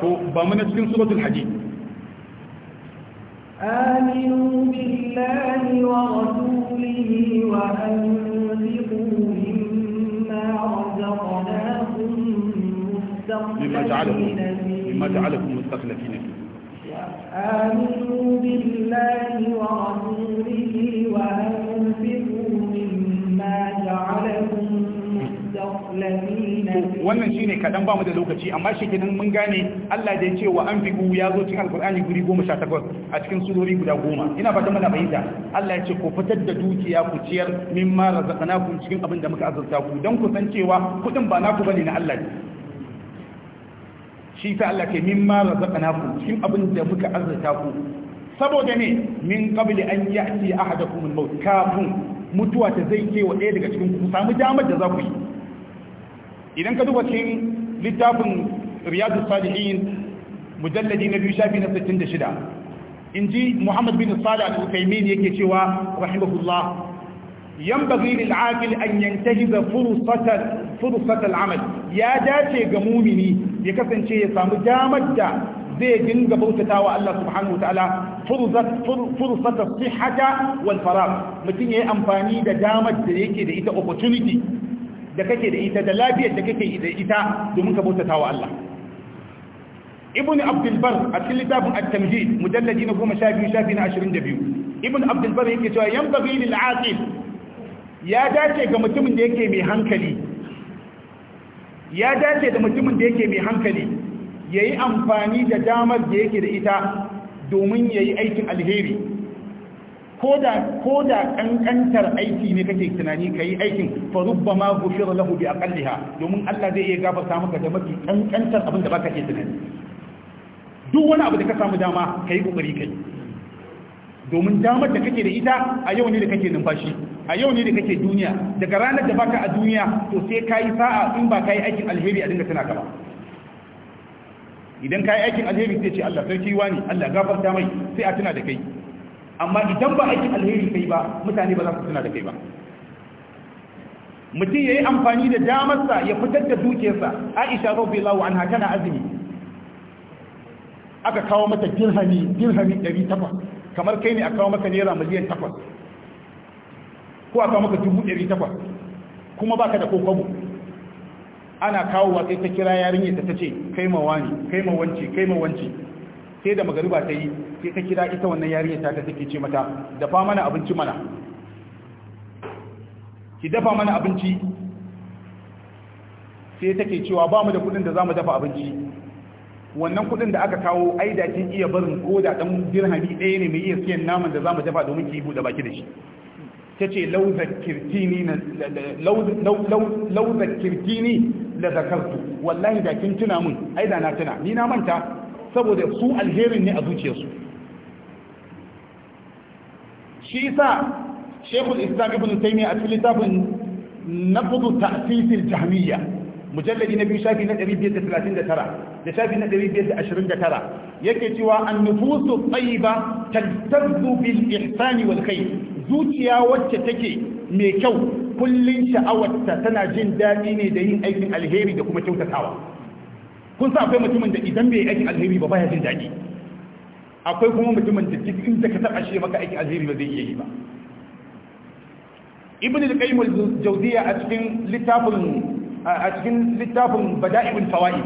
to ba mu na cikin suratul hadid آمنوا بالله ورسوله وأنفقوا مما رزقناكم مما جعلكم مما جعلكم مستخلفين فيه آمنوا بالله ورسوله وأنفقوا مما جعلكم wannan shine kadan ba mu da lokaci amma shi mun gane Allah da ya ce wa anfiqu ya zo cikin alqur'ani guri 18 a cikin surori guda 10 ina fata mana bayyana Allah ya ce ku fitar da dukiya ku ciyar mimma razaqnakum cikin abin da muka azurta ku dan ku san cewa kudin ba naku bane na Allah ne shi ta Allah ke mimma razaqnakum cikin abin da muka arzata ku saboda ne min qabli an ya'ti ahadakum al-maut kafin mutuwa ta zai kewa ɗaya daga cikin ku samu damar da za ku yi idan ka duba cikin littafin riyadus salihin mujalladi na biyu shafi na 66 inji muhammad bin salih al-utaymin yake cewa rahimahullah ينبغي للعاقل أن ينتهز فرصة, فرصة ya dace ga قمومني ya kasance ya samu damar da zai dinga bautata wa Allah subhanahu wa ta'ala fursata sihata wal farag mutum yayi amfani da damar da yake da ita opportunity da kake da ita da lafiyar da kake da ita domin ka bautata wa Allah ibn abdul bar a cikin littafin at-tamhid mujalladi na 12 shafi na 22 ibn abdul bar yake cewa yanbaghi lil aqil ya dace ga mutumin da yake mai hankali ya dace da mutumin da yake mai hankali ya yi amfani da damar da yake da ita domin ya yi aikin alheri ko da ƙanƙantar aiki ne kake tunani ka yi aikin farubba ma gushir lahu bi ha, domin Allah zai iya gafarta maka da mafi ƙanƙantar abin da ba ka ke tunani duk wani abu da ka samu dama ka yi ƙoƙari kai domin damar da kake da ita a yau ne da kake numfashi a yau ne da kake duniya daga ranar da baka a duniya to sai ka yi sa'a in ba ka yi aikin alheri a dinga tana gaba idan ka yi aikin alheri sai ce Allah sarki ne, Allah gafarta mai sai a tana da kai amma idan ba aikin alheri kai ba mutane ba za su tana da kai ba mutum ya yi amfani da damarsa ya fitar da dukiyarsa aisha rabbi lawa an haka na azumi aka kawo mata dirhami dirhami 800 kamar kai ne a kawo maka naira miliyan takwas ko a kawo maka dubu ɗari takwas kuma ba ka da kokobo ana kawo wa sai ta kira yata ta ce kai ma wani kai ma wanci kai ma wanci sai da magariba ta yi sai ta kira ita wannan yarin ta ta take ce mata dafa mana abinci mana ki dafa mana abinci sai take cewa ba mu da kudin da za mu dafa abinci wannan kudin da aka kawo ai da kin iya barin ko da dan dirhami ɗaya ne mai iya siyan naman da zamu dafa domin ki bude baki da shi tace law zakirtini law law law zakirtini la zakartu wallahi da kin tuna mun ai da na tuna ni na manta saboda su alherin ne a zuciyarsu shi yasa Sheikhul Islam Ibn Taymiyyah a cikin littafin nafdu tasisil al-jahmiyya mujalladi na biyu shafi na 539 da shafi na 529 yake cewa annufusu tsayiba tattazu bil ihsani wal khair zuciya wacce take mai kyau kullun sha'awarta tana jin daɗi ne da yin aikin alheri da kuma kyautatawa kun sa akwai mutumin da idan bai aikin alheri ba baya jin daɗi akwai kuma mutumin da duk in ka taɓa shi maka aikin alheri ba zai iya yi ba ibn al-qayyim al-jawziyya a cikin littafin a cikin littafin bada'ibul fawaid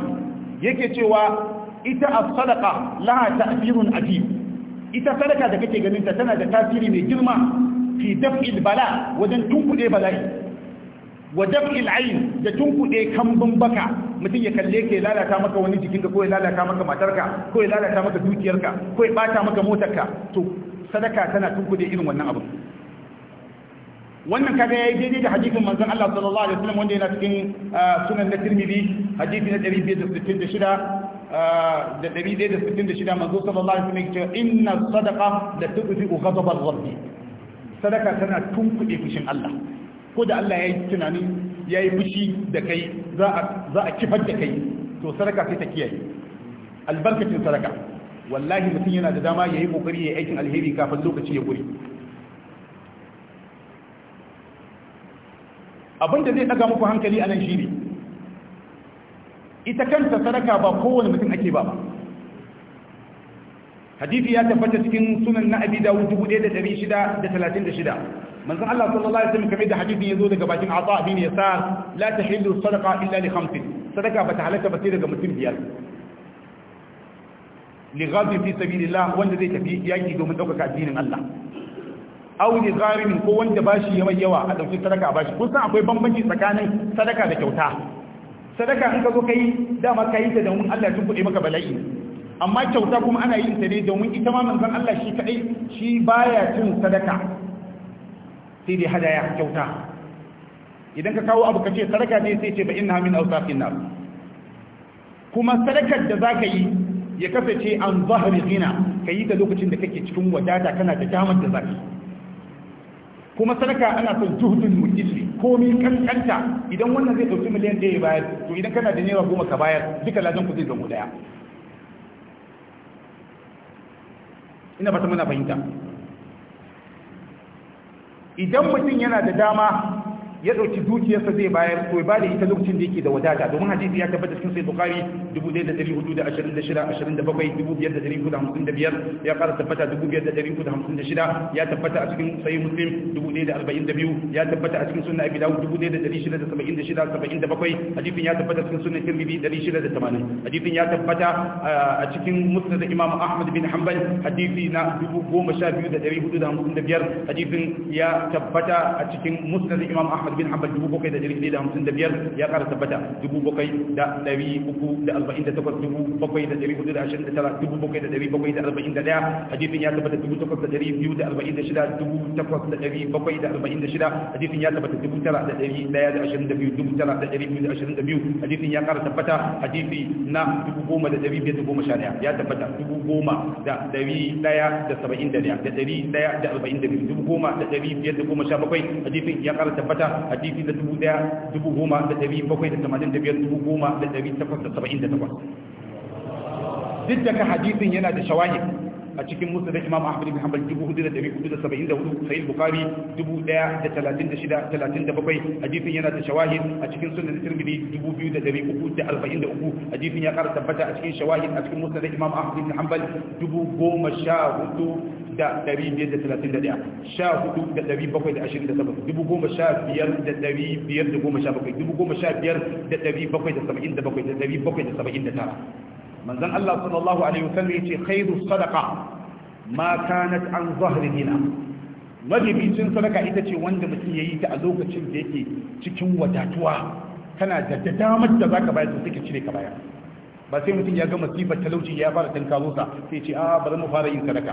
yake cewa ita a sadaka laha ta'thirun ajib ita sadaka da kake ganin ta tana da tasiri mai girma fi daf'il bala wajen tunkude bala'i wa daf'il ayn da tunkude kambun baka mutum ya kalle ka ya lalata maka wani jikinka ko ya lalata maka matarka ko ya lalata maka dukiyarka ko ya bata maka motarka to sadaka tana tunkude irin wannan abu wannan kaga yayi daidai da hadisin manzon Allah sallallahu alaihi wasallam wanda yana cikin uh, sunan na Tirmidhi hadisi na 566 da 166 uh, manzo sallallahu alaihi wasallam yake inna sadaqa la tudfi ghadab al-rabb sadaka tana tunkuɗe fushin Allah ko da Allah yayi tunani yayi fushi da kai za a za a kifar da kai to sadaka sai ta kiyaye albarkatin sadaka wallahi mutum yana da dama yayi kokari yayi aikin alheri kafin lokaci ya gure abin da zai daga muku hankali a nan shi ne ita kanta sadaka ba kowane mutum ake ba ba hadisi ya tabbata cikin sunan na abi dawud 1636 manzon Allah sallallahu alaihi wasallam kamar da hadisi yazo daga bakin Atha bin Yasar la tahillu sadaqa illa li khamsin sadaka ba ta halatta ba sai daga mutum biyar li ghadin fi sabilillah wanda zai tafi yaki domin daukaka addinin Allah auli zarimin ko wanda bashi ya mai yawa a ɗauki sadaka a bashi kusan akwai bambanci tsakanin sadaka da kyauta sadaka in ka zo kai dama ka yi ta domin Allah tun kuɗe maka bala'i amma kyauta kuma ana yin ta ne domin ita ma manzon Allah shi kadai shi baya cin sadaka sai dai hadaya kyauta idan ka kawo abu ka ce sadaka ne sai ce ba inna min awsafin nar kuma sadakar da za ka yi ya kasance an zahri ka yi ta lokacin da kake cikin wadata kana da damar da zaka yi kuma sadaka ana son juhudin mujisi komi kankanta idan wannan zai dauki miliyan ɗaya bayar to idan kana da naira goma ka bayar duka lajin ku zai zama daya ina ta muna fahimta idan mutum yana da dama ya ɗauki dukiyarsa zai bayar ko ya bada ita lokacin da yake da wadata domin hadisi ya tabbata cikin sai bukhari 1426 5455 ya fara tabbata 5456 ya tabbata a cikin sai muslim 1042 ya tabbata a cikin sunna abi 1676 77 hadisin ya tabbata cikin sunna tirmidhi 1680 hadisin ya tabbata a cikin musnad imam ahmad bin hanbal hadisi na 12455 hadisin ya tabbata a cikin musnad imam ahmad Ahmad bin Hanbal 7155 ya ƙara tabbata 7348 hadisin ya tabbata 8246 hadisin ya tabbata 9122 hadisin ya ƙara tabbata hadisi na 10511 ya tabbata 10171 da 142 hadisin ya ƙara tabbata hadisi da dubu daya dubu goma da dari bakwai da tamanin da biyar dubu goma da dari takwas da saba'in da takwas duk da ka hadisin yana da shawahi a cikin musu da imam ahmad bin hanbal dubu hudu da dari hudu da saba'in da hudu sahih bukari dubu daya da talatin da shida talatin da bakwai hadisin yana da shawahi a cikin sunan tirmidhi dubu biyu da dari uku da arba'in da uku hadisin ya kara tabbata a cikin shawahi a cikin musu da imam ahmad bin hanbal dubu goma sha hudu da ɗari biyar da talatin da ɗaya sha hudu da ɗari bakwai da ashirin da saba'in dubu goma sha biyar da ɗari biyar da goma sha bakwai dubu goma sha biyar da ɗari bakwai da saba'in da bakwai da ɗari bakwai da saba'in da tara manzan Allah sallallahu alaihi wasallam ya ce khairu sadaka ma kanat an zahri dina madibicin sadaka ita ce wanda mutum ya yi ta a lokacin da yake cikin wadatuwa kana da damar da zaka bayar da suke cire ka bayar ba sai mutum ya ga masifar talauci ya fara tankaro sa sai ce a bari mu fara yin sadaka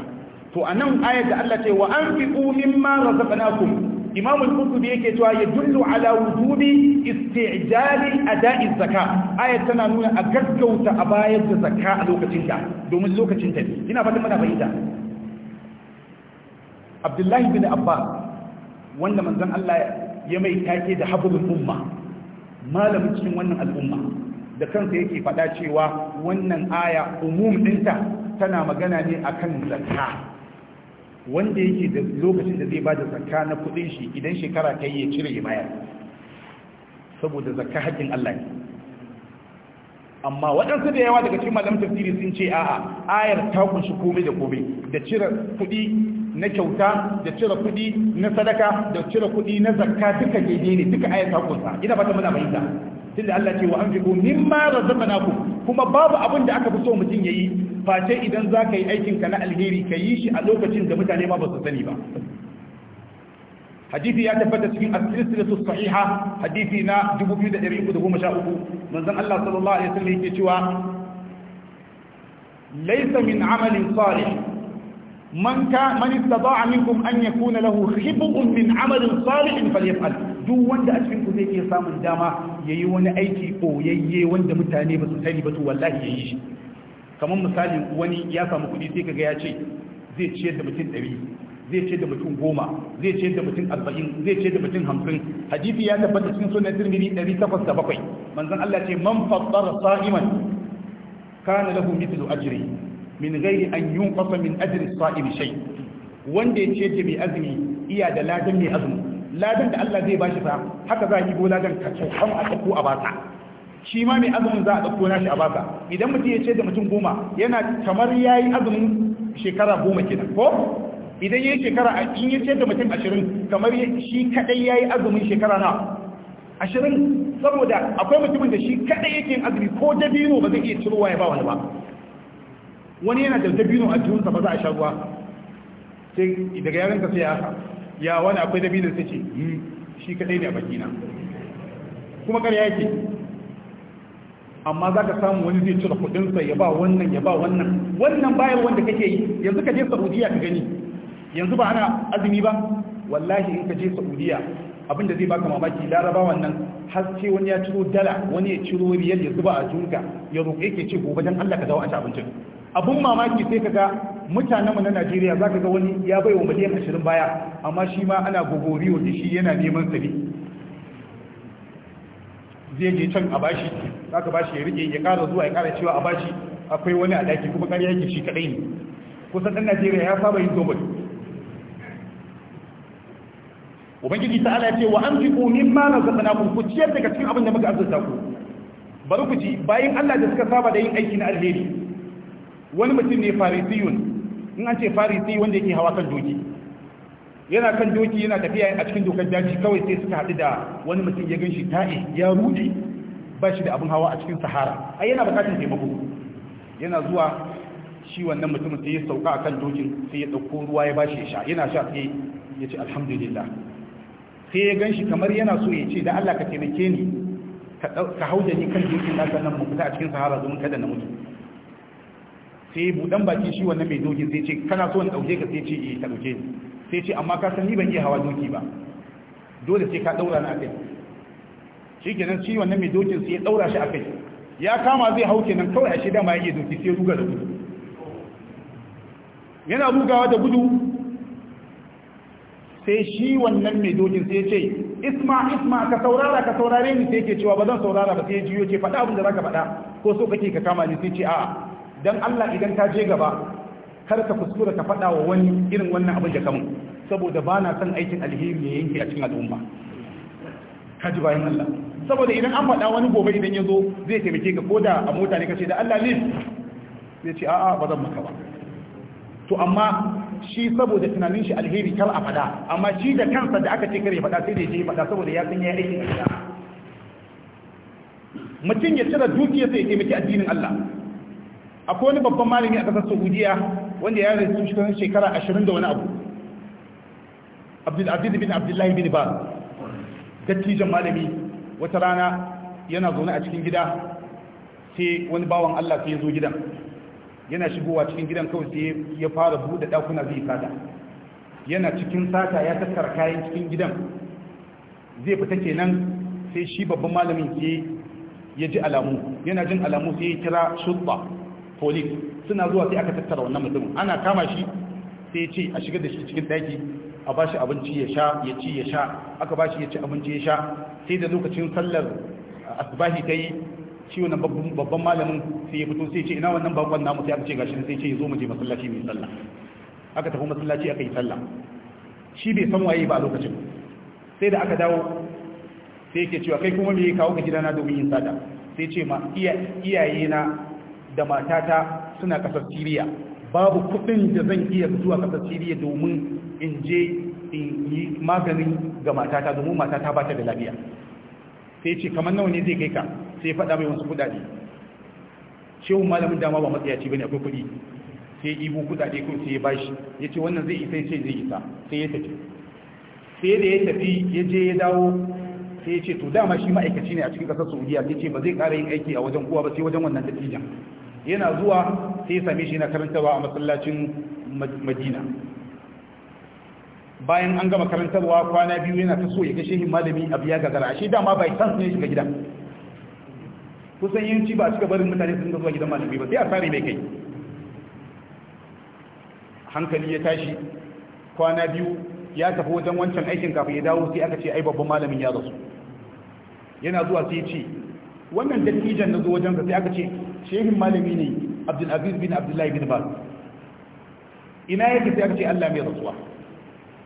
to anan ayat da Allah ce wa anfiqu mimma razaqnakum Imam al-qurtubi yake cewa ya dullu ala wujubi isti'jali ada'i zakka ayat tana nuna a gaggauta a bayar da zakka a lokacin da domin lokacin ta ina fatan mana fahimta Abdullahi bin Abbas wanda manzon Allah ya mai take da hablul umma malamin cikin wannan al'umma da kansa yake faɗa cewa wannan aya umum ɗinta tana magana ne akan zakka wanda yake da lokacin da zai bada zakka na kudin shi idan shekara ta yi ya cire ya bayar saboda zakka haƙƙin Allah ne amma waɗansu da yawa daga cikin malam tafsiri sun ce a'a ayar ta kunshi komai da komai da cire kuɗi na kyauta da cire kuɗi na sadaka da cire kuɗi na zakka duka daidai ne duka ayar ta kunsa ina ba ta muna bayyana tunda Allah ce wa anfiqu mimma razaqnakum kuma babu abin da aka fi so mutum yayi face idan zaka yi aikin ka na alheri ka yi shi a lokacin da mutane ma ba su sani ba hadisi ya tabbata cikin as-silsilatu sahiha hadisi na 2313 manzon Allah sallallahu alaihi wasallam yake cewa laysa min amalin salih man ka man istata'a minkum an yakuna lahu khibun min amalin salihin falyaf'al duk wanda a cikin ku zai iya samun dama yi wani aiki koyayye wanda mutane ba su sani ba to wallahi yayi shi kamar misali wani ya samu kuɗi sai kaga ya ce zai ciyar da mutum ɗari zai ciyar da mutum goma zai ciyar da mutum arba'in zai ciyar da mutum hamsin hadisi ya tabbata cikin sunan tirmidhi ɗari takwas da bakwai manzon Allah ce man sa'iman kana lahu min gairi an yunqasa min ajri sa'im shay wanda ya ce mai azumi iya da ladan mai azumi ladan da Allah zai bashi fa haka za a yi ladan ka kan a tsako a basa shi ma mai azumin za a ɗauko nashi a basa idan mutum ya ce da mutum goma yana kamar ya yi azumin shekara goma kenan ko idan ya yi shekara in ya ce da mutum ashirin kamar shi kaɗai ya yi azumin shekara na ashirin saboda akwai mutumin da shi kaɗai yake yin azumi ko dabino ba zai iya cirowa ya ba wani ba wani yana da dabino a jihunsa ba za a sha ruwa sai daga ka sai ya haka ya wani akwai dabino sai ce hmm, shi kadai ne a bakina kuma karya yake amma za ka samu wani zai cire kudinsa ya ba wannan ya ba wannan wannan bayan wanda kake yi yanzu ka je saudiya ka gani yanzu ba ana azumi ba wallahi in ka je saudiya abinda zai baka mamaki laraba wannan haske wani ya ciro dala wani ya ciro riyal ya zuba a junka ya roƙe ke ce gobe don allah ka dawo a ci abincin abun mamaki sai kaga mutanen mu na Najeriya za ka ga wani ya bai wa miliyan 20 baya amma shi ma ana gogoriyo da shi yana neman sa ne zai je can a bashi zaka bashi ya rike ya ƙara zuwa ya ƙara cewa a bashi akwai wani a daki kuma ƙarya yake shi kadai ne kusan ɗan Najeriya ya saba yin dogon ubangiji ta ala ce wa anfiqu mimma na ku ciyar daga cikin abin da muka azurta ku bari ku ji bayan Allah da suka saba da yin aiki na alheri wani mutum ne farisiyun in an ce farisi wanda yake hawa kan doki yana kan doki yana tafiya a cikin dokar daji kawai sai suka haɗu da wani mutum ya gan shi ta'i ya rude ba shi da abin hawa a cikin sahara ai yana bukatun taimako yana zuwa shi wannan mutumin sai ya sauka akan dokin sai ya ɗauko ruwa ya bashi ya sha yana sha sai ya ce alhamdulillah sai ya gan shi kamar yana so ya ce da Allah ka taimake ni ka hau da ni kan dokin naka nan mu fita a cikin sahara domin kada na mutu sai budan baki shi wannan mai doki sai ce kana so in dauke ka sai ce eh ka dauke ni sai ce amma ka san ni ban iya hawa doki ba dole sai ka daura na akai shikenan shi wannan mai dokin sai ya daura shi akai ya kama zai hau kenan kawai ashe dama ya iya doki sai ruga da gudu yana rugawa da gudu sai shi wannan mai dokin sai ce isma isma ka saurara ka saurare ni sai ke cewa ba zan saurara ba sai jiyo ce faɗa abin da zaka faɗa ko so kake ka kama ni sai ce a'a dan Allah idan ka je gaba kar ka kuskura ka faɗa wa wani irin wannan abin da kamun saboda ba na son aikin alheri ya yanke a cikin al'umma ka ji bayan Allah saboda idan an faɗa wani gobe idan ya zo zai taimake ka koda a mota ne kace da Allah ne zai ce a'a ba zan maka ba to amma shi saboda tunanin shi alheri kar a faɗa amma shi da kansa da aka ce kar ya faɗa sai da ya faɗa saboda ya san ya aiki mutum ya cire dukiyarsa ya taimaki addinin Allah akwai wani babban malami a ƙasar saudiya wanda ya rasu cikin shekara ashirin da wani abu Abdullahi bin abdullahi bin ba dattijan malami wata rana yana zaune a cikin gida sai wani bawan allah sai ya zo gidan yana shigowa cikin gidan kawai sai ya fara buɗe dakuna zai sata yana cikin sata ya tattara kayan cikin gidan zai fita kenan sai shi babban malamin ke ya ji alamu yana jin alamu sai ya kira shubba police suna zuwa sai aka tattara wannan mutumin ana kama shi sai ya ce a shigar da shi cikin daki a bashi abinci ya sha ya ci ya sha aka bashi ya ci abinci ya sha sai da lokacin sallar asbahi ta yi shi wannan babban malamin sai ya fito sai ce ina wannan bakon namu sai aka ce gashi sai ce zo mu je masallaci mai sallah aka tafi masallaci aka yi sallah shi bai san waye ba a lokacin sai da aka dawo sai yake cewa kai kuma me ya kawo ka gidana domin yin sada sai ce ma iyayena. da matata suna kasar siriya babu kudin da zan iya zuwa kasar siriya domin in je in yi magani ga matata domin matata ba ta da lafiya sai ce kamar nawa ne zai kai ka sai faɗa mai wasu kudade shehun malamin dama ba matsayaci bane akwai kudi sai ibo kudade ko sai ya bashi ya ce wannan zai isa sai zai isa sai ya tafi sai da ya tafi ya je ya dawo sai ya ce to dama shi ma'aikaci ne a cikin ƙasar saudiya ya ce ba zai ƙara yin aiki a wajen kowa ba sai wajen wannan dattijan yana zuwa sai ya same shi na karantarwa a masallacin madina bayan an gama karantarwa kwana biyu yana ta so ya ga shehin malami abu ya gagara shi dama bai san ne shiga gida kusan yanci ba cika barin mutane sun zuwa gidan malami ba sai a tsari mai kai hankali ya tashi kwana biyu ya tafi wajen wancan aikin kafin ya dawo sai aka ce ai babban malamin ya rasu yana zuwa sai ce wannan dattijan na zo wajen sai aka ce shehin malami ne aziz bin abdullahi bin Bas. ina yake sai aka ce Allah mai rasuwa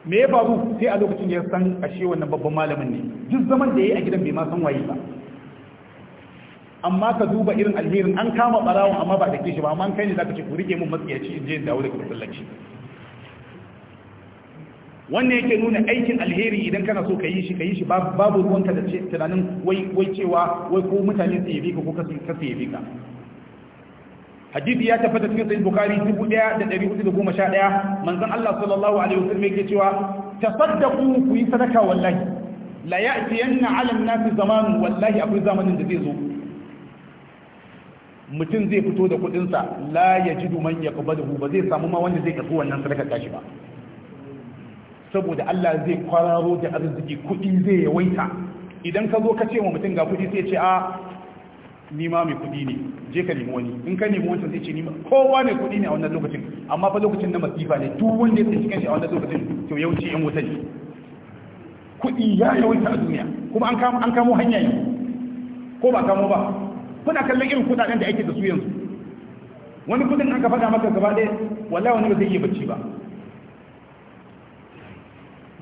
me ya faru sai a lokacin ya san ashe wannan babban malamin ne duk zaman da yayi a gidan bai ma san waye ba amma ka duba irin alherin an kama barawon amma ba da ke shi ba amma kai ne zaka ce ku rike mun ci in je dawo daga masallaci wannan yake nuna aikin alheri idan kana so ka yi shi ka yi shi babu ruwanka da tunanin wai cewa wai ko mutane su yabe ka ko ka su yabe ka hadisi ya tabbata cikin sahih bukhari 1411 manzon Allah sallallahu alaihi wasallam yake cewa tasaddaqu ku yi sadaka wallahi la ya'tiyanna 'ala an-nasi zaman wallahi akwai zamanin da zai zo mutum zai fito da kudin sa la yajidu man yaqbaluhu ba zai samu ma wanda zai karbi wannan sadaka kashi ba saboda Allah zai kwararo da arziki kudi zai yawaita idan ka zo ka ce wa mutum ga kudi sai ce a ni ma mai kudi ne je ka nemi wani in ka nemi wancan zai ce ni kowa mai kudi ne a wannan lokacin amma fa lokacin na masifa ne duk wanda ya tsaye shi a wannan lokacin to yawanci yan wuta ne kudi ya yawaita a duniya kuma an kamo an kamo hanya ne, ko ba kamo ba kuna kallon irin kudaden da ake da su yanzu wani kudin an ka faɗa maka gaba ɗaya wallahi wani ba zai iya bacci ba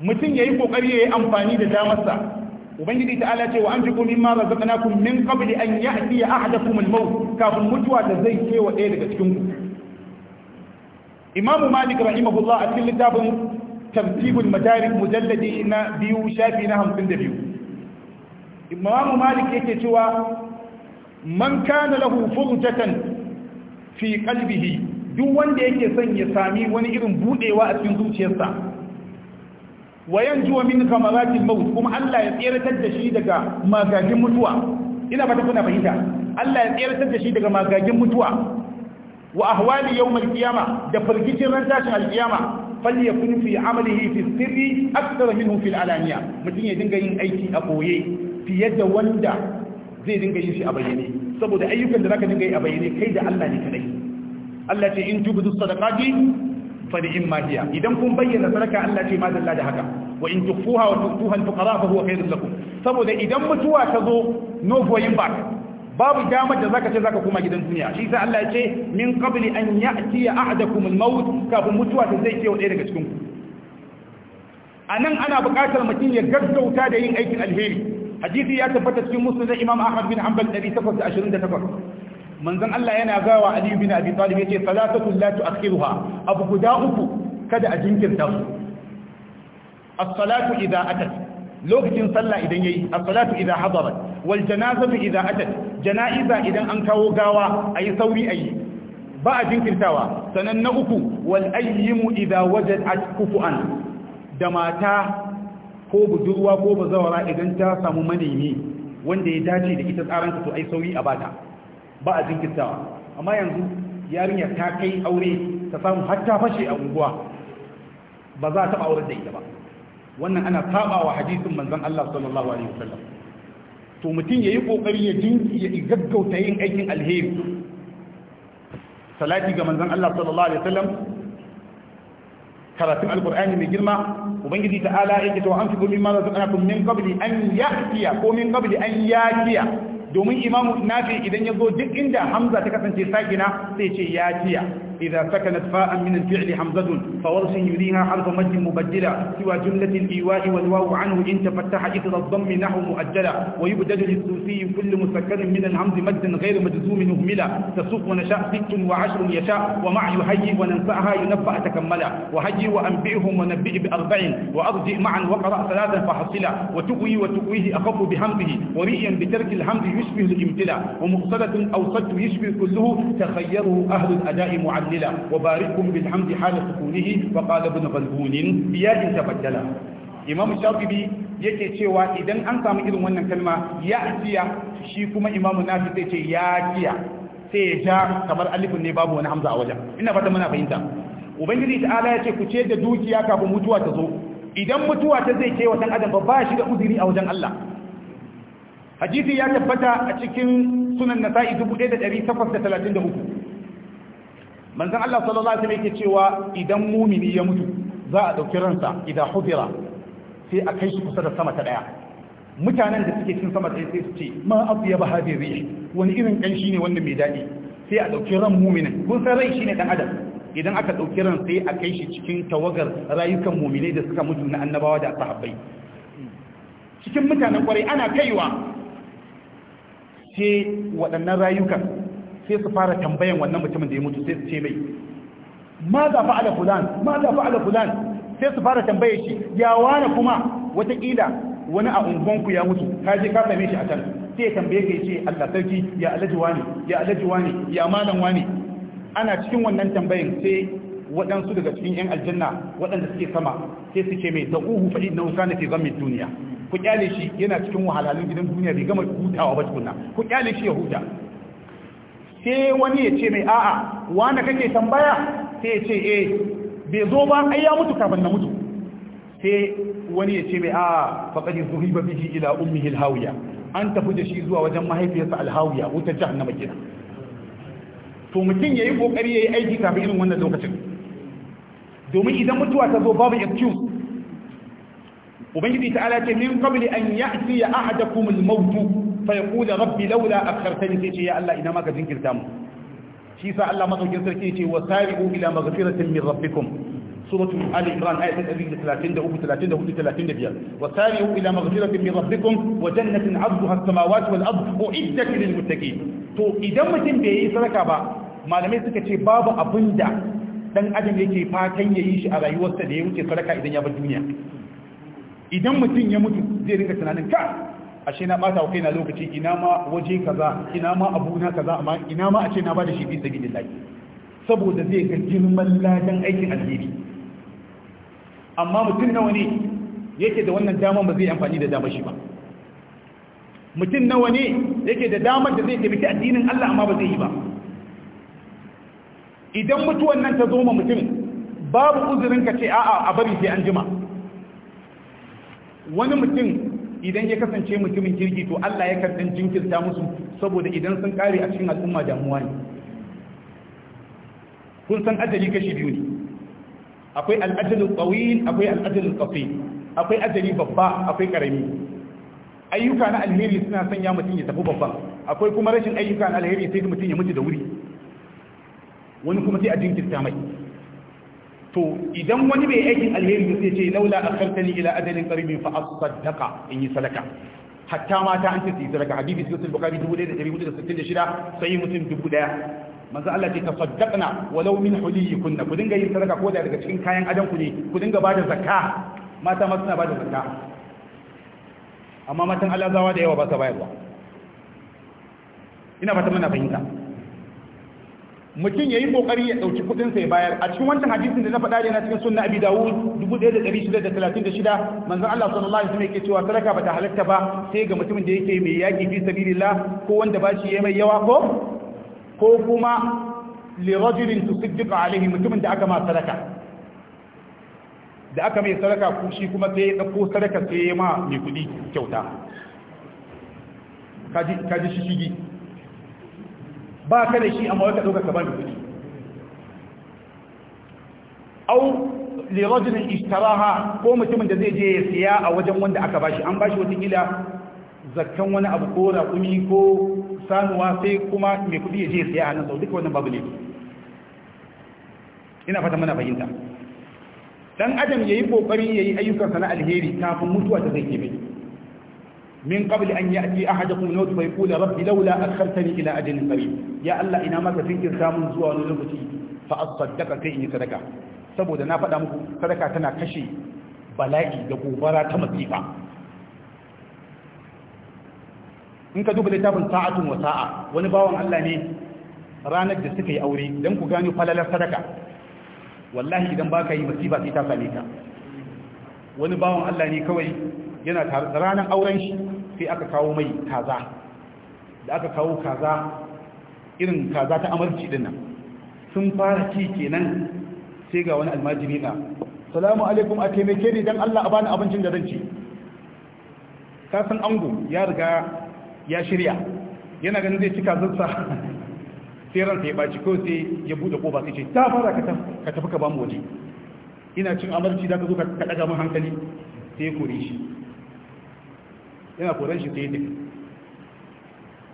mutum ya yi ƙoƙari ya yi amfani da damarsa ubangiji ta ala ce wa anfiqu mimma razaqnakum min qabli an ya'ti ahadakum al-maut kafin mutuwa ta zai ce wa ɗaya daga cikin ku imamu malik rahimahullah a cikin littafin tartibul madarik mujalladi na biyu shafi na biyu. imamu malik yake cewa man kana lahu furjatan fi qalbihi duk wanda yake son ya sami wani irin budewa a cikin zuciyarsa wa yanjuwa min kamaratil maut kuma Allah ya tseratar da shi daga magagin mutuwa ina ba ta kuna fahimta Allah ya tseratar da shi daga magagin mutuwa wa ahwali yawm al-qiyama da farkicin ran tashin al-qiyama falyakun fi amalihi fi sirri akthar minhu fi al-alaniya mutun ya dinga yin aiki a boye fiye da wanda zai dinga yin shi a bayyane saboda ayyukan da zaka dinga yi a bayyane kai da Allah ne kadai Allah ce in tubudu sadaqati fa ni'ma hiya idan kun bayyana sadaka Allah ce ma dalla da haka wa in tukfuha wa tuktuha al-fuqara fa huwa khairun lakum saboda idan mutuwa ta zo no going back babu damar da zaka ce zaka koma gidan duniya shi sa Allah ya ce min qabli an ya'ti ahadakum al-maut kafin mutuwa ta zai kewa ɗaya daga cikin ku anan ana buƙatar mutum ya gaggauta da yin aikin alheri hadisi ya tabbata cikin musnad Imam Ahmad bin Hanbal 1828 manzon Allah yana gawa Ali bin Abi Talib yace salatu la tu'akhiruha abu guda uku kada a jinkirta su as-salatu idza atat lokacin sallah idan yayi as-salatu idza hadarat wal janazatu idza atat janaiza idan an kawo gawa ayi sauri ayi ba a jinkirtawa sanan na uku wal ayyimu idza wajadat kufuan da mata ko budurwa ko bazawara idan ta samu manemi wanda ya dace da ita tsaranta to ai sauri a bata ba a jinkirtawa amma yanzu yarinya ta kai aure ta samu hatta fashe a unguwa ba za ta aure da ita ba wannan ana saba hadisin manzon Allah sallallahu alaihi wasallam to mutum yayi kokari ya jinki ya gaggauta yin aikin alheri salati ga manzon Allah sallallahu alaihi wasallam karatun alqur'ani mai girma ubangiji ta'ala yake to an fi gumi ma razaqnakum min qabli an ya'tiya ko min qabli an ya'tiya domin imamu nafi idan ya zo duk inda hamza ta kasance sakina sai ce ya jiya idan saka fa'an min al-fi'l hamzatun فورس يليها حرف مجد مبدلا سوى جملة الإيواء والواو عنه إن تفتح إثر الضم نحو مؤجلا ويبدل للثلثي كل مسكر من الهمز مدا غير مجزوم مهملا تصف ونشاء ست وعشر يشاء ومع يهي وننفعها ينبأ تكملا وهجي وأنبئهم ونبئ بأربع وأرجئ معا وقرأ ثلاثا فحصلا وتقوي وتقويه أخف بهمزه وريئا بترك الهمز يشبه الامتلا ومقصدة أو صد يشبه كله تخيره أهل الأداء معللا وباركهم بالحمد حال سكونه الشافعي وقال ابن غلبون يا إن تبدل إمام الشافعي yake cewa idan an samu irin wannan kalma ya ajiya shi kuma imamu nafi sai ce ya kiya sai ya ja kamar alifin ne babu wani hamza a wajen ina fata muna fahimta ubangiji ta'ala ya ce ku ce da dukiya kafin mutuwa ta zo idan mutuwa ta zai ce wa dan ba shi da uzuri a wajen Allah hadisi ya tabbata a cikin sunan nasa'i 1833 manzon Allah sallallahu alaihi wasallam yake cewa idan mumini ya mutu za a dauki ransa idan hufira sai a kai shi kusa da sama ta daya mutanen da suke cin sama da sai su ce ma afiya ba hadi rih wani irin kanshi ne wanda mai dadi sai a dauki ran muminin kun san rai shine dan adam idan aka dauki ran sai a kai shi cikin tawagar rayukan muminai da suka mutu na annabawa da sahabbai cikin mutanen kwarai ana kaiwa sai waɗannan rayukan sai su fara tambayan wannan mutumin da ya mutu sai su ce mai ma za fa'ala fulan ma za fa'ala fulan sai su fara tambaye shi ya wani kuma wataƙila wani a unguwanku ya mutu ka je ka same shi a can sai ya tambaye ka ce Allah sarki ya alaji wani ya alaji wani ya malam wani ana cikin wannan tambayin sai waɗansu daga cikin 'yan aljanna waɗanda suke sama sai suke mai da uhu faɗi na wuka na ke zan mai duniya ku kyale shi yana cikin wahalhalun gidan duniya bai gama hutawa ba tukunna ku kyale shi ya huta sai wani ya ce mai a'a wanda kake tambaya sai ya ce eh bai zo ba ai ya mutu kafin na mutu sai wani ya ce mai a'a faqad zuhiba bihi ila ummihi alhawiya an tafi da shi zuwa wajen mahaifiyarsa alhawiya wutar jahannama kenan to mutum yayi kokari yayi aiki kafin irin wannan lokacin domin idan mutuwa ta zo babu excuse ubangiji ta ala ce min qabli an ya'ti ahadakum al fa yaqulu rabbi laula akhartani sai ce ya Allah ina maka jinkirta mu shi sa Allah madaukin sarki ce wa sari'u ila maghfiratin min rabbikum suratul ali imran ayat 33 34 35 wa sari'u ila maghfiratin min rabbikum wa jannatin 'arduha as-samawati wal ardu uiddat lil muttaqin to idan mutum bai yi sadaka ba malamai suka ce babu da dan adam yake fatan yayi shi a rayuwarsa da ya wuce sadaka idan ya bar duniya idan mutum ya mutu zai rinka tunanin ka ashe na bata kai na lokaci ina ma waje kaza ina ma abuna kaza amma ina ma a ce na bada shi fi sabilillah saboda zai ga girman ladan aikin alheri amma mutum nawa ne yake da wannan damar ba zai amfani da damar shi ba mutum nawa ne yake da damar da zai taimaki addinin Allah amma ba zai yi ba idan mutuwan nan ta zo ma mutum babu uzurin ka ce a'a a bari sai an jima wani mutum idan ya kasance mutumin kirki to Allah ya kaddan jinkirta musu saboda idan sun kare a cikin al'umma damuwa ne kun san ajali kashi biyu ne akwai al'ajalin tsawil akwai al'ajalin tsafi akwai ajali babba akwai karami ayyuka na alheri suna sanya mutum ya tafi babba akwai kuma rashin ayyuka na alheri sai mutum ya mutu da wuri wani kuma sai a jinkirta mai to idan wani mai aikin alheri sai ce laula akhartani ila ajalin qaribin fa asaddaqa in yi sadaka hatta mata an ce su yi sadaka hadisi sahih bukhari 1466 sai mutum 1000 manzo Allah ce tasaddaqna walau min huliyikunna ku dinga yin sadaka ko da daga cikin kayan adan ku ne ku dinga ba da zakka mata ma suna bada zakka amma matan Allah zawa da yawa ba ta bayarwa ina fata muna fahimta mutum ya yi kokari ya ɗauki kudin sai bayar a cikin wancan hadisin da na faɗa yana cikin sunna abi dawud 1636 manzon Allah sallallahu alaihi wasallam yake cewa sadaka bata halatta ba sai ga mutumin da yake mai yaki fi sabilillah ko wanda ba shi mai yawa ko ko kuma li rajulin tusaddiq alaihi mutumin da aka ma sadaka da aka mai sadaka ku shi kuma sai ya dauko sadaka sai ya ma mai kudi kyauta kaji kaji shigi ba ka da shi amma wata ɗaukar ka ba da kuɗi au lirajin ishtaraha ko mutumin da zai je ya siya a wajen wanda aka shi, an ba shi kila zakan wani abu ko raƙumi ko sanuwa sai kuma mai kuɗi ya je ya siya a nan sau duka wannan babu ne ina fata mana fahimta dan adam ya yi ƙoƙari ya yi ayyukan na alheri kafin mutuwa ta zai kebe min qabl an ya'ti ahadakum al-maut fa yaqulu rabbi laula akhartani ila ajalin qarib ya Allah ina maka jinkirta mun zuwa wani lokaci fa asaddaka kai in sadaka saboda na faɗa muku sadaka tana kashe bala'i da gobara ta masifa in ka duba littafin wa sa'a wani bawan Allah ne ranar da suka yi aure don ku gano falalar sadaka wallahi idan ba ka yi masifa sai ta same ka wani bawan Allah ne kawai yana ranar auren shi sai aka kawo mai kaza da aka kawo kaza irin kaza ta amarci din nan sun fara ci kenan sai ga wani almajiri na salamu alaikum a taimake ni dan Allah a bani abincin da zan ci ka ango ya riga ya shirya yana ganin zai ci kazansa sai ransa ya baci ko sai ya bude kofa sai ce ta fara ka tafi ka bamu waje ina cin amarci ka zo ka ɗaga mun hankali sai ya kore shi yana koran shi sai ya tafi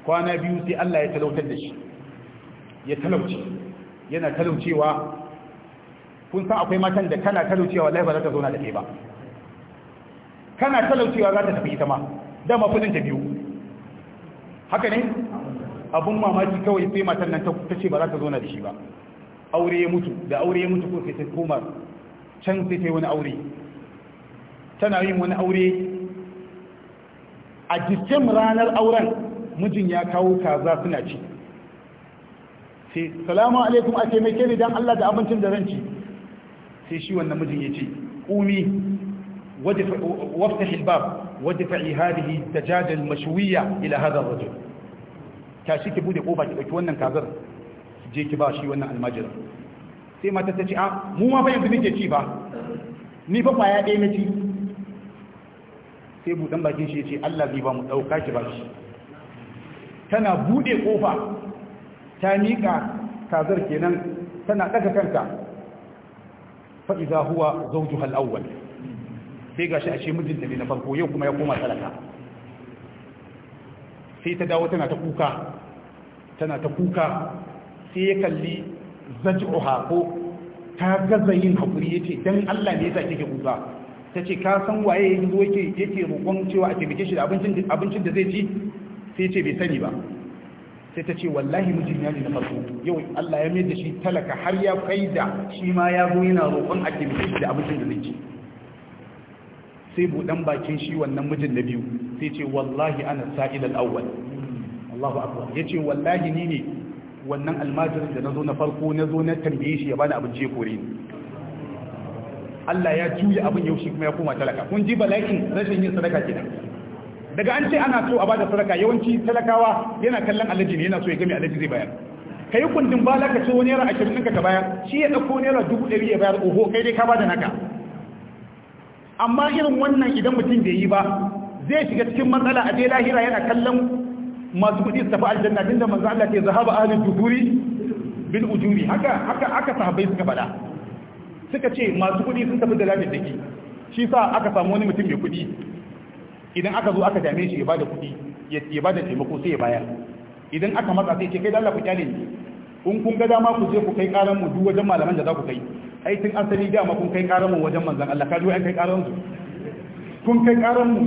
kwana biyu sai Allah ya talautar da shi ya talauce yana talaucewa kun san akwai matan da kana talaucewa wallahi ba za ta zauna da kai ba kana talaucewa za ta tafi ita ma dama kudin ta biyu haka ne abun mamaki kawai sai matan nan ta ce ba za ta zauna da shi ba aure ya mutu da aure ya mutu ko sai ta koma can sai ta yi wani aure tana yin wani aure a jikin ranar auren mijin ya kawo kaza suna ci sai salamu alaikum a taimake ni dan Allah da abincin da zan ci. sai shi wannan mijin ya ce kumi waftahi albab wadfa'i hadhihi tajadal mashwiya ila hadha ar-rajul tashi ki bude kofa ki ɗauki wannan kazar je ki ba shi wannan almajirin sai mata ta ce a ah, mu ma fa yanzu nake ci ba ni fa kwaya ɗaya na ci sai buɗan bakin shi ya ce Allah bai ba mu ɗauka ki ba shi tana buɗe ƙofa ta miƙa kazar kenan tana ɗaga kanta fa'iza huwa zauju hal'awwal sai gashi a ce mijinta ne na farko yau kuma ya koma talaka sai ta dawo tana ta kuka tana ta kuka sai ya kalli zaj'uha ko ta gaza yin haƙuri ya ce don Allah ne ya sa kike kuka ta ce ka san waye yanzu yake yake roƙon cewa a taimake shi da abincin da zai ci sai ce bai sani ba sai ta ce wallahi mijin ya ne na farko yau Allah ya mai da shi talaka har ya kai da shi ma ya zo yana roƙon a taimake shi da abincin da zai ci sai buɗan bakin shi wannan mijin na biyu sai ce wallahi ana sa'il al-awwal Allahu akbar ce wallahi ni ne wannan almajirin da na zo na farko na zo na tambaye shi ya bani abinci ya kore ni Allah ya juya abin yaushe kuma ya koma talaka kun ji bala'in rashin yin sadaka kenan daga an ce ana so a bada sadaka yawanci talakawa yana kallon alaji ne yana so ya gami alaji zai bayar kai kundin bala ka ciwo naira ashirin ɗinka ka bayar shi ya dauko naira dubu ɗari ya bayar oho kai dai ka bada naka amma irin wannan idan mutum bai yi ba zai shiga cikin matsala a dai lahira yana kallon masu kudi su tafi aljanna tunda manzo Allah ke zahaba ahli duburi bil ujuri haka haka aka sahabbai suka bada suka ce masu kuɗi sun tafi da da ke shi sa aka samu wani mutum mai kuɗi idan aka zo aka dame shi ya bada kuɗi ya bada taimako sai ya bayar idan aka matsa sai ce kai da Allah ku kyale ne kun kun ga dama ku je ku kai karan mu duk wajen malaman da za ku kai ai tun an sani dama kun kai karan mu wajen manzon Allah ka ji ai kai karan mu. kun kai karan mu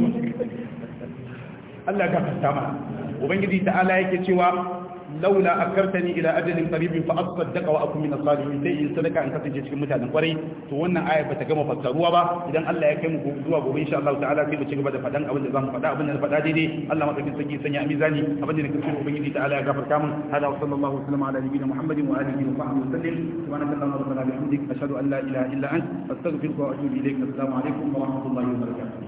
Allah ka fasta mana ubangiji ta'ala yake cewa laula akartani ila ajalin qaribin fa asaddaqa wa akun min as-salihin sai in sadaka an kasance cikin mutanen kwarai to wannan aya bata ta gama fassaruwa ba idan Allah ya kai mu zuwa gobe insha Allah ta'ala sai da ci gaba da fadan abin da zamu fada abin da faɗa daidai Allah madaukin sarki sanya a mizani abin da nake so ubangiji ta'ala ya gafarta mun hada wa sallallahu alaihi wa sallam ala nabiyina muhammadin wa alihi wa sahbihi sallim subhanaka